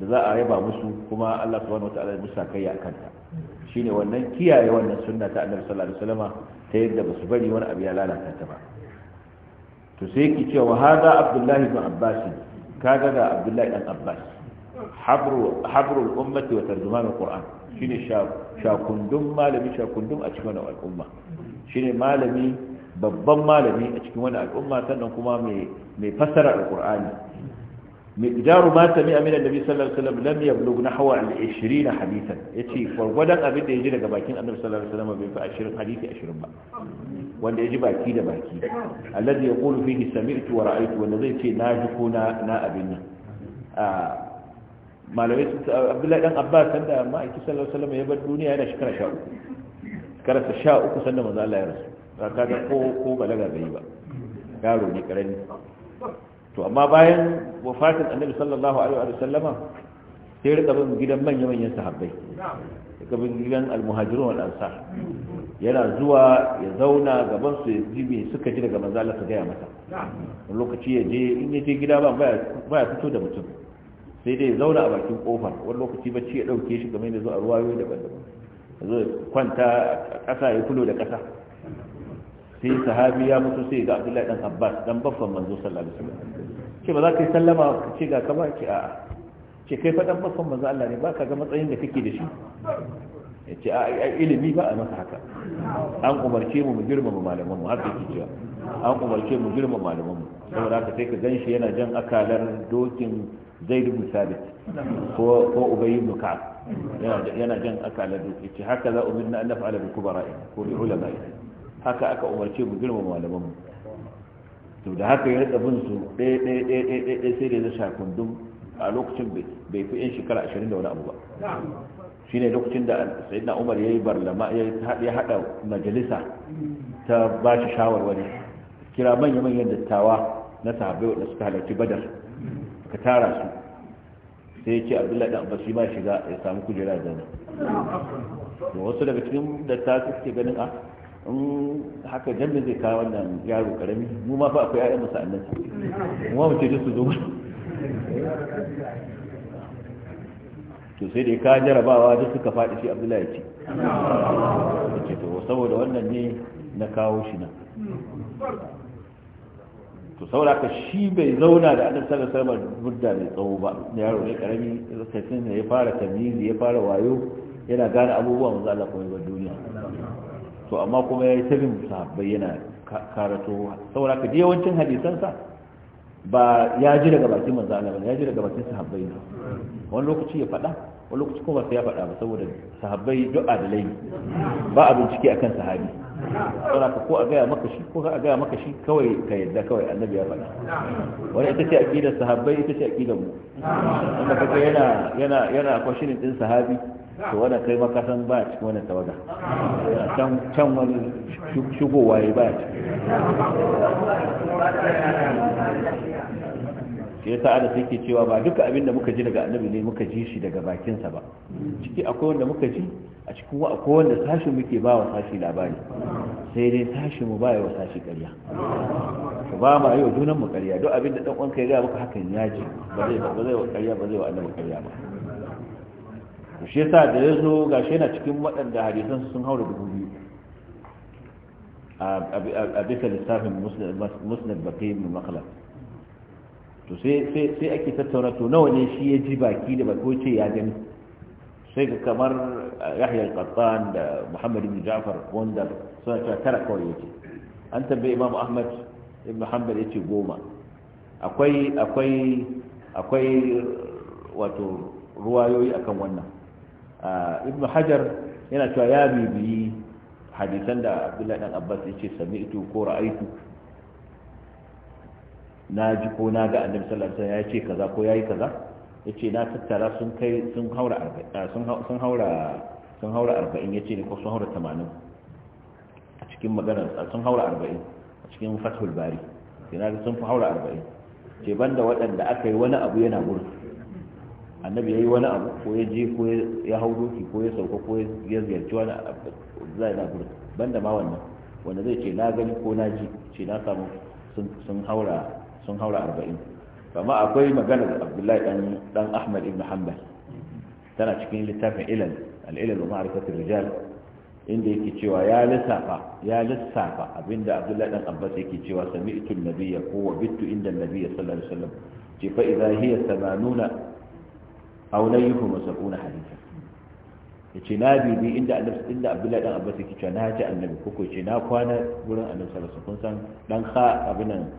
da za a yaba musu kuma Allah subhanahu wataala ya musa kai akan ta shine wannan kiyaye wannan sunna ta Annabi sallallahu alaihi wasallama ta yadda ba su bari wani abu ya lalata ta ba to sai ki cewa hada Abdullahi ibn Abbas kaga ga Abdullahi dan Abbas habrul ummati wa tarjumanul qur'an shine shakundun malami shakundun a cikin wannan al'umma shine malami babban malami a cikin wani al'umma sannan kuma mai mai fassara alqur'ani miqdaru ma sami amina nabi sallallahu alaihi wasallam lam yablugh nahwa al-20 hadithan yace gwargwadon abin da yaji daga bakin annabi sallallahu alaihi wasallam bai fi 20 hadisi 20 ba wanda yaji baki da baki alladhi yaqulu fihi sami'tu wa ra'aytu wanda zai ce na ji ko na na abin nan ah, malamai sun abdullahi dan abbas sanda ma'aiki sallallahu alaihi wasallam ya bar duniya yana shekara sha uku sa sha uku sanda maza Allah ya rasu ba ka ga ko ko balaga bai ba yaro ne karami to amma bayan wafatin annabi sallallahu alaihi wa sallama sai rika bin gidan manya manyan sahabbai rika bin gidan almuhajirun wal ansar yana zuwa ya zauna gaban su ya ji me suka ji daga manzo Allah ka gaya masa lokaci ya je in ya je gida ba baya fito da mutum sai dai zauna a bakin kofar wani lokaci bacci ya dauke shi game da zo a yau daban-daban zo kwanta a ƙasa ya kulo da ƙasa sai sahabi ya mutu sai ga abdullahi dan abbas dan baffan manzo sallallahu alaihi wasallam ce ba za ka yi sallama ka ce ga kaba a'a ce kai fa dan baffan manzo Allah ne ba ka ga matsayin da kake da shi ya ce a ilimi ba a masa haka an umarce mu mu girmama malaman mu haka yake cewa an umarce mu girmama malaman mu saboda haka sai ka ganshi yana jan akalar dokin zai rubu sabit ko ubayi ibn ka'ab yana jan aka akalar dutse ce haka za umirna an nafa'ala bi kubara'i ko bi ulama'i haka aka umarce mu girmama malaman mu to da haka ya rika bin su ɗaya ɗaya ɗaya ɗaya ɗaya sai da ya sha kundum a lokacin bai fi yan shekara ashirin da wani abu ba shi ne lokacin da sayyidina umar ya yi barlama ya hada majalisa ta ba shi shawarwari kira manya-manyan dattawa na sahabbai da suka halarci badar ka tara su sai ce abdullahi da abbas shi shiga ya samu kujera zauna to wasu daga cikin da ta suke ganin a in haka jami'in zai kawo wannan yaro karami mu ma fa akwai 'ya'yan musa annan mu ma mu ce su zo to sai da ya kawo jarabawa duk suka faɗi shi abdullahi ya ce ce to saboda wannan ne na kawo shi nan to sauraka shi bai zauna da annabi sallallahu alaihi wasallam mudda mai tsawo ba yaro ne karami lokacin ne ya fara tamizi ya fara wayo yana gane abubuwa manzo Allah kuma ga duniya to amma kuma yayi tabin sahabbai yana karato sauraka je wancin hadisan sa ba ya ji daga bakin manzo Allah ba ya ji daga bakin sahabbai ne wani lokaci ya faɗa wani lokaci kuma sai ya faɗa ba saboda sahabbai du'a da laifi ba a bincike akan sahabi saboda ko a gaya maka shi ko a gaya maka shi kawai ka yadda kawai annabi ya faɗa wani ita ce aqidar sahabbai ita ce aqidar mu wanda kaga yana yana yana kwashinin din sahabi to wannan kai maka san ba cikin wannan tawaga can can wani shugowa ya ba cikin shi ya sa'ada sai cewa ba duka abin da muka ji daga annabi ne muka ji shi daga bakinsa ba ciki akwai wanda muka ji a cikin wa akwai wanda sashin muke ba wa sashi labari sai dai sashi mu ba wa sashi ƙarya ka ba ma yau junan mu ƙarya duk abin da dan uwanka ya ga muka hakan ya ji ba zai ba zai wa ƙarya ba zai wa annabi ƙarya ba shi yasa da ya zo gashi yana cikin waɗanda hadisan sun haura dubu biyu a bisa lissafin musnad baqi ibn makhlad to sai ake tattauna to nawa ne shi ya ji baki da bako ce ya gani sai ga kamar uh, yahya al-qattan da muhammad ibn ja'far wanda suna cewa tara kawai yake an tambaye imam ahmad ibn hanbal yace goma akwai akwai akwai uh, wato ruwayoyi akan wannan uh, ibn hajar yana cewa ya bibiyi hadisan da abdullahi dan abbas yace sami'tu ko ra'aytu na ji ko na ga annabi sallallahu alaihi wasallam ya ce kaza ko yayi kaza yace na tattara sun kai sun haura sun sun haura sun haura 40 yace ne ko sun haura 80 a cikin maganar sun haura 40 a cikin fathul bari yana da sun haura 40 ce banda waɗanda aka yi wani abu yana gurbi annabi ya yi wani abu ko ya je ko ya hau doki ko ya sauka ko ya ziyarci wani abu zai na gurbi banda ma wannan wanda zai ce na gani ko na ji ce na samu sun haura sun haura arba'in amma akwai maganar abdullahi dan dan ahmad ibn hanbal tana cikin littafin ilal al-ilal wa ma'rifatul rijal inda yake cewa ya lissafa ya lissafa abinda abdullahi dan abbas yake cewa sami'tu an-nabiyya ko wa bittu inda an-nabiyya sallallahu alaihi wasallam ce fa idha hiya 80 aw la yuhum 70 hadithan ya ce na bibi inda inda abdullahi dan abbas yake cewa na ji annabi ko ce na kwana wurin annabi sallallahu alaihi kun san dan kha nan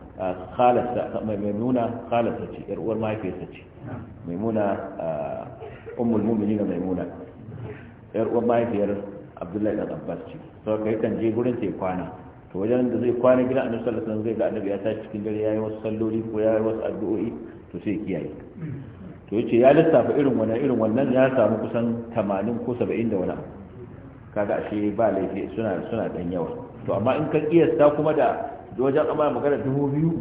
khalasa maimuna khalasa ce yar uwar mahaifiyarsa ce maimuna ummul mu'minin maimuna yar uwar mahaifiyar abdullahi dan abbas ce to kai kan je gurin sai kwana to wajen da zai kwana gidan annabi sallallahu alaihi wasallam zai ga annabi ya tashi cikin dare yayi wasu salloli ko yayi wasu addu'o'i to sai kiyaye to yace ya lissafa irin wannan irin wannan ya samu kusan 80 ko 70 da wani kaga ashe ba laifi suna suna dan yawa to amma in ka kiyasta kuma da wajen amma magana biyu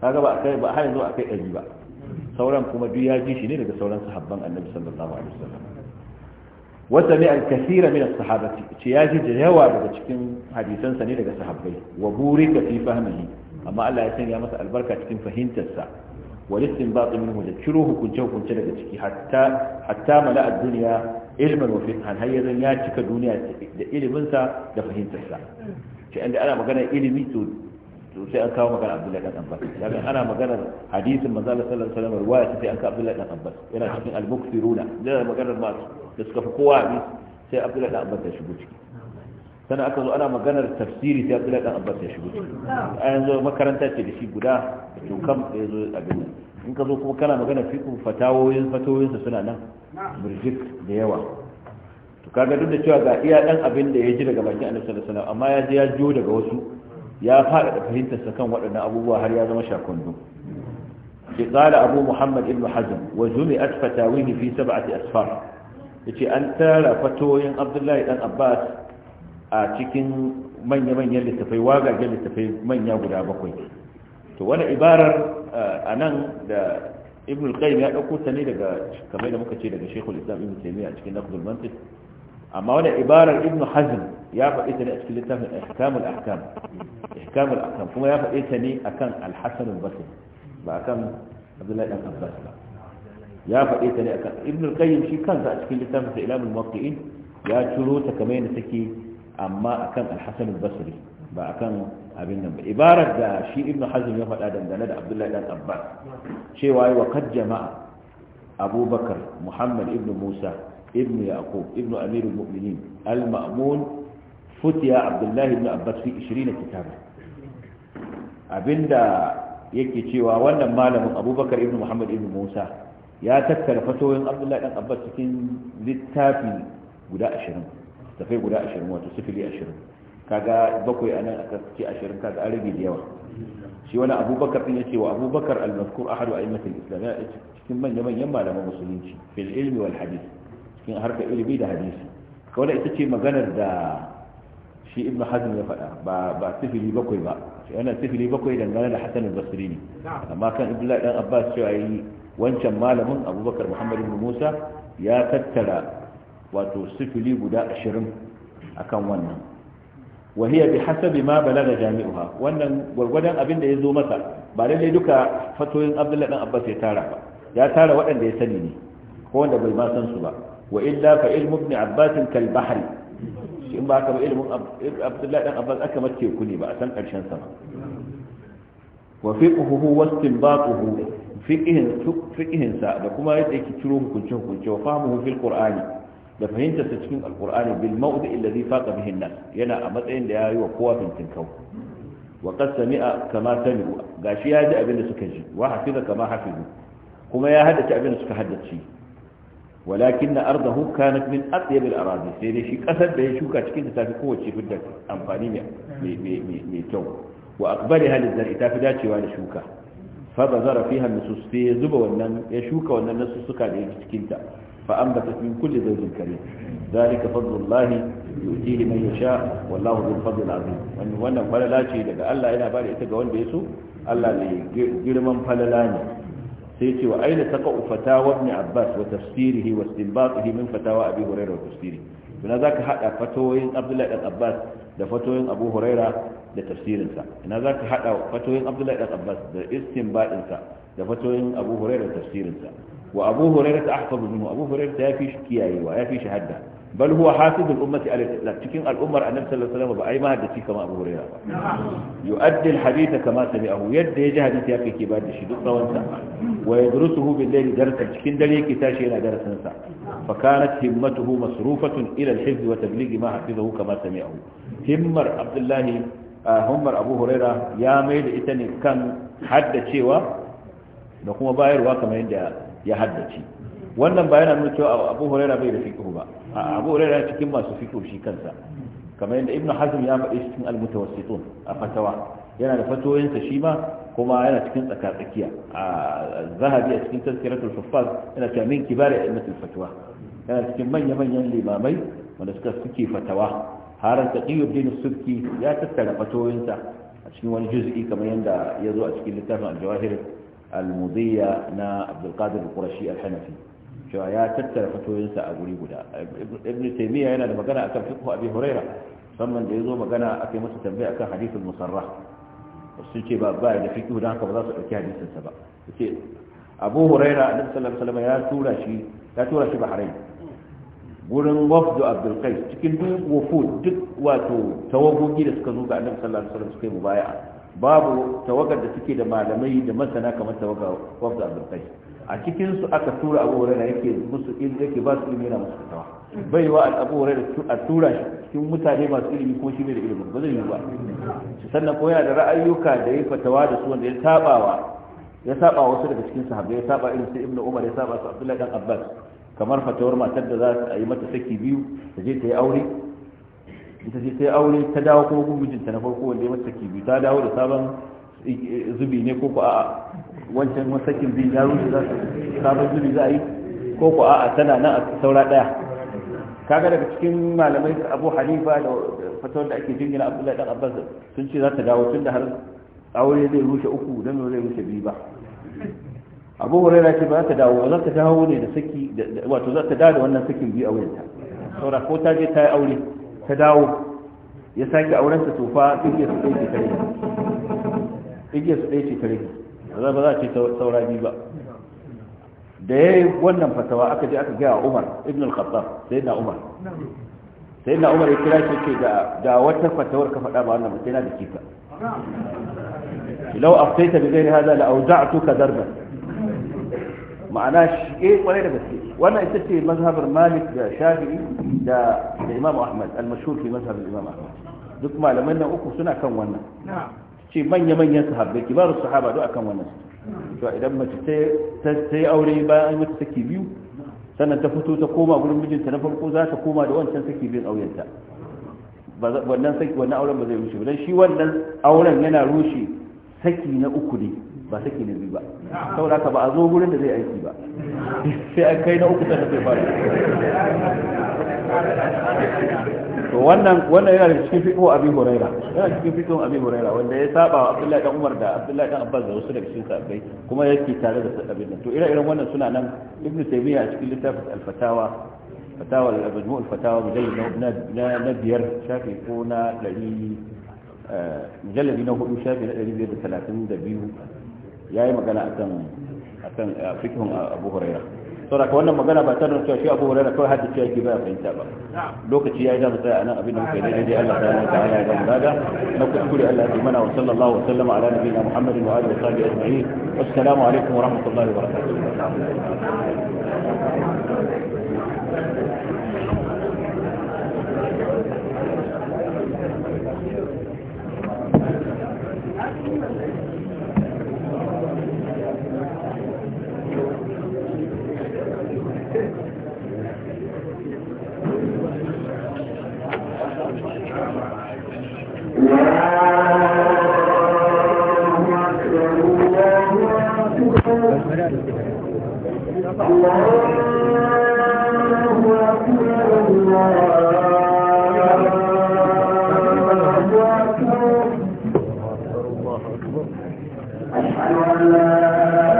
kaga ba a kai ba har yanzu akai ɗari ba sauran kuma duk ya ji shi ne daga sauran sahabban annabi sallallahu alaihi wasallam wata ne al-kathira min as-sahabati ce ya ji da yawa daga cikin hadisan sa ne daga sahabbai wa burika fi fahmihi amma Allah ya sanya masa albarka cikin fahimtarsa walistin baƙi minhu da ciro hukunce-hukunce daga ciki hatta mala a duniya ilmin wafin an hayyarin ya cika duniya da iliminsa da fahimtarsa ce inda ana magana ilimi to sai an kawo magana abdullahi dan abbas ana magana hadisin manzo Allah sallallahu alaihi wasallam riwaya sai an kawo abdullahi dan yana cikin al-mukthiruna da magana masu da suka fi kowa sai abdullahi dan ya ciki sannan aka zo ana maganar tafsiri sai abdullahi dan abbas ya shigo a yanzu makaranta ce da shi guda to kam ya zo abin in ka zo kuma kana magana fiku fatawoyin fatawoyinsa suna nan murjik da yawa to kaga duk da cewa ga iya dan abin da ya ji daga bakin annabi sallallahu alaihi amma ya ji ya jiyo daga wasu ya fada da fahimtar sa kan waɗannan abubuwa har ya zama shakondo shi qala abu muhammad ibn hazm wa jumi'at fatawihi fi sab'ati asfar yace an tara fatoyin abdullahi dan abbas a cikin manya-manyan littafai wagagen littafai manya guda bakwai to wani ibarar a nan da ibn al-qayyim ya dauko ta ne daga kamar da muka ce daga shekul islam ibn taymiya a cikin naqdul mantiq amma wani ibarar ibn hazm ya faɗi ta ne a cikin littafin ihkam al-ahkam ihkam al-ahkam kuma ya faɗi ta ne akan al-hasan al-basri ba akan abdullahi dan abbas ba ya faɗi ta ne akan ibn al-qayyim shi kansa a cikin littafin sa ilamul muwaqqi'in ya ciro ta kamar yadda take amma akan al-hasan basri ba akan abin nan ba ibarar da shi ibn hazm ya faɗa dangane da abdullahi dan abbas cewa wa jama'a abubakar muhammad ibnu musa ibnu yaqub ibnu amirul mu'minin al-ma'mun futiya abdullahi ibnu abbas fi 20 kitaba abinda yake cewa wannan malamin abubakar ibnu muhammad ibnu musa ya tattara fatoyin abdullahi dan abbas cikin littafi guda ashirin tafai guda ashirin wato sifili ashirin kaga bakwai anan aka ce ashirin kaga an rage da yawa shi wani abubakar din ce wa abubakar al-mazkur ahadu a'immatul islam ya cikin manyan manyan malaman musulunci fil ilmi wal hadith cikin harkar ilmi da hadisi kawai ita ce maganar da shi ibnu hazm ya faɗa ba ba sifili bakwai ba shi wannan sifili bakwai dangane da hasan al-basri ne amma kan ibnu dan abbas cewa yi wancan malamin abubakar muhammad ibn musa ya tattara wato sifili guda ashirin akan wannan wahiya bi hasabi ma balaga jami'uha wannan gwargwadon abin da ya zo masa ba lalle duka fatoyin abdullahi dan abbas ya tara ba ya tara waɗanda ya sani ne ko wanda bai ma san su ba wa illa fa ilmu ibn abbas kal bahri in ba ka ba ilmu abdullahi dan abbas aka mace ku ne ba a san karshen sa ba wa fiqhuhu wa istinbatuhu fiqhin fiqhin sa da kuma yadda yake ciro hukunci hukunci wa fahmuhu fil qur'ani da fahimtar ta cikin alkurani bil mawdi alladhi faqa bihi an-nas yana a matsayin da yayi wa kowa fintin kau wa qad sami'a kama sami'u gashi ya ji abin da suka ji wa hafiza kama hafizu kuma ya haddace abin da suka haddace walakin na ardahu kanat min atyab al-aradi sai dai shi kasar da ya shuka cikin ta tafi kowace fidda amfani mai kyau wa aqbalaha lizar'i tafi dacewa da shuka fa bazara fiha nusus sai ya zuba wannan ya shuka wannan nasu suka da yake cikin ta فأنبتت من كل زوج كريم ذلك فضل الله يؤتيه من يشاء والله ذو الفضل العظيم wani wannan falala ce daga Allah yana da ita ga wanda ya so Allah ne girman falala ne sai ce wa aina taqa fatawa ni Abbas wa tafsirihi wa istinbatihi min fatawa Abi Hurairah wa tafsiri ina zaka hada fatawoyin Abdullah ibn Abbas da fatawoyin Abu Hurairah da tafsirinsa ina zaka hada fatawoyin Abdullah ibn Abbas da istinbatinsa da fatawoyin Abu da tafsirinsa wa abu hurairah ta ahfazu minhu abu hurairah ta fi shi kiyayewa yafi shi hadda bal huwa hasidul ummati ala cikin al'ummar annabi sallallahu alaihi wasallam ba ai ma haddaci kamar abu hurairah ba yu'addi al kama sami'ahu yadda ya ji hadisi yake ke bada shi duk tsawon sa wa yadrusuhu bil layli darsa cikin dare yake tashi yana darasin sa fa kanat himmatuhu masrufatun ila al-hifz wa tablighi ma hafizahu kama sami'ahu himmar abdullahi himmar abu hurairah ya mai da ita ne kan haddacewa da kuma bayarwa kamar yadda ya haddace wannan ba yana nuna cewa abu huraira bai da fiqh ba abu huraira cikin masu fiqh shi kansa kamar yadda ibnu hazm ya faɗi cikin al-mutawassitun a fatawa yana da fatoyinsa shi ma kuma yana cikin tsakatsakiya a zahabi a cikin tazkiratul suffaz yana cewa min kibari ilmatul fatwa yana cikin manya manyan limamai wanda suka suke fatawa har taqiyuddin subki ya tattara fatoyinsa a cikin wani juz'i kamar yadda ya zo a cikin littafin al-jawahir al-mudiyya na abdulkadir al-qurashi al-hanafi cewa ya tattara fatoyinsa a guri guda ibn taymiya yana da magana akan fiqh abi huraira musamman da yazo magana akai masa tambaya akan hadithul musarrah wasu ce ba ba da fiqh dan haka ba za su dauki hadisin sa ba ce abu huraira annabi sallallahu alaihi wasallam ya tura shi ya tura shi bahrain gurin wafdu abdul qais cikin duk wufud duk wato tawagogi da suka zo ga annabi sallallahu alaihi wasallam suka yi mubaya'a babu tawagar da suke da malamai da masana kamar tawaga wafda abdulkai a cikin su aka tura abu da yake musu in yake ba su ilimi yana musu fitawa bai wa abu hurairah a tura shi cikin mutane masu ilimi ko shi ne da ilimin ba zai yi ba sannan ko yana da ra'ayyuka da ya fatawa da su wanda ya sabawa ya saba wasu daga cikin sahabbai ya saba irin sai ibnu umar ya saba su abdullahi dan abbas kamar fatawar matar da za ta yi mata saki biyu ta je ta yi aure ita ce sai aure ta dawo kuma mijinta na farko wanda ya mata saki biyu ta dawo da sabon eh, zubi ne ko ku a'a wancan masakin bi ya rushe za su sabon zubi za a yi ko ku a'a tana nan a saura daya kaga daga cikin malamai Abu halifa da fatawar da ake jingina Abdullahi dan Abbas sun ce za ta dawo tun da har aure zai rushe uku dan zai rushe biyu ba Abu Hurairah ce ba za ta dawo za ta dawo ne da saki wato za ta dawo da wannan sakin biyu a wayanta saura ko ta je ta yi aure ta dawo ya sake auren ta tufa igiyar su ɗaya ce kare igiyar su ɗaya ce kare ba za a ce saura biyu ba da ya yi wannan fatawa aka je aka gaya umar ibn al-khattab sai na umar sai na umar ya kira shi ce da wata fatawar ka faɗa ba wannan mutum yana da kifa lau aftaita bi gairi hada la auza'tuka darban ma'ana shi eh kwarai da gaske wannan ita ce mazhabar malik da shafi'i da da imam ahmad al-mashhur fi mazhab imam ahmad duk malaman nan uku suna kan wannan ce manya manyan sahabbai kibarus sahaba duk akan wannan to idan mace ta ta yi aure bayan an mata saki biyu sannan ta fito ta koma gurin mijinta na farko za ta koma da wancan saki biyun aurenta wannan saki wannan auren ba zai rushe ba dan shi wannan auren yana rushe saki na uku ne ba take ne ba saboda ka ba a zo gurin da zai aiki ba sai an kai na uku ta tafi ba to wannan wannan yana cikin fiqo abi huraira yana cikin fiqo abi huraira wanda ya saba wa abdullahi dan umar da abdullahi dan abbas da wasu daga cikin sahabbai kuma yake tare da sahabbai nan to ire-iren wannan suna nan ibnu taymiya a cikin littafin al-fatawa fatawa al-majmu' al-fatawa mujallad na na biyar shafi ko na 100 mujalladi na hudu shafi na ya yi magana a kan fikin abu huraira sau ka wannan magana ba ta da cewa shi abu huraira kawai hadda ya ke baya fahimta ba lokaci ya yi zama tsaye a nan abin da muka yi daidai dai Allah ta'ala ta hana ya zama daga na kuskure Allah ya mana wa sallallahu wa sallama ala na Muhammadin wa alihi wa sahbihi ajma'in assalamu alaikum wa rahmatullahi wa barakatuh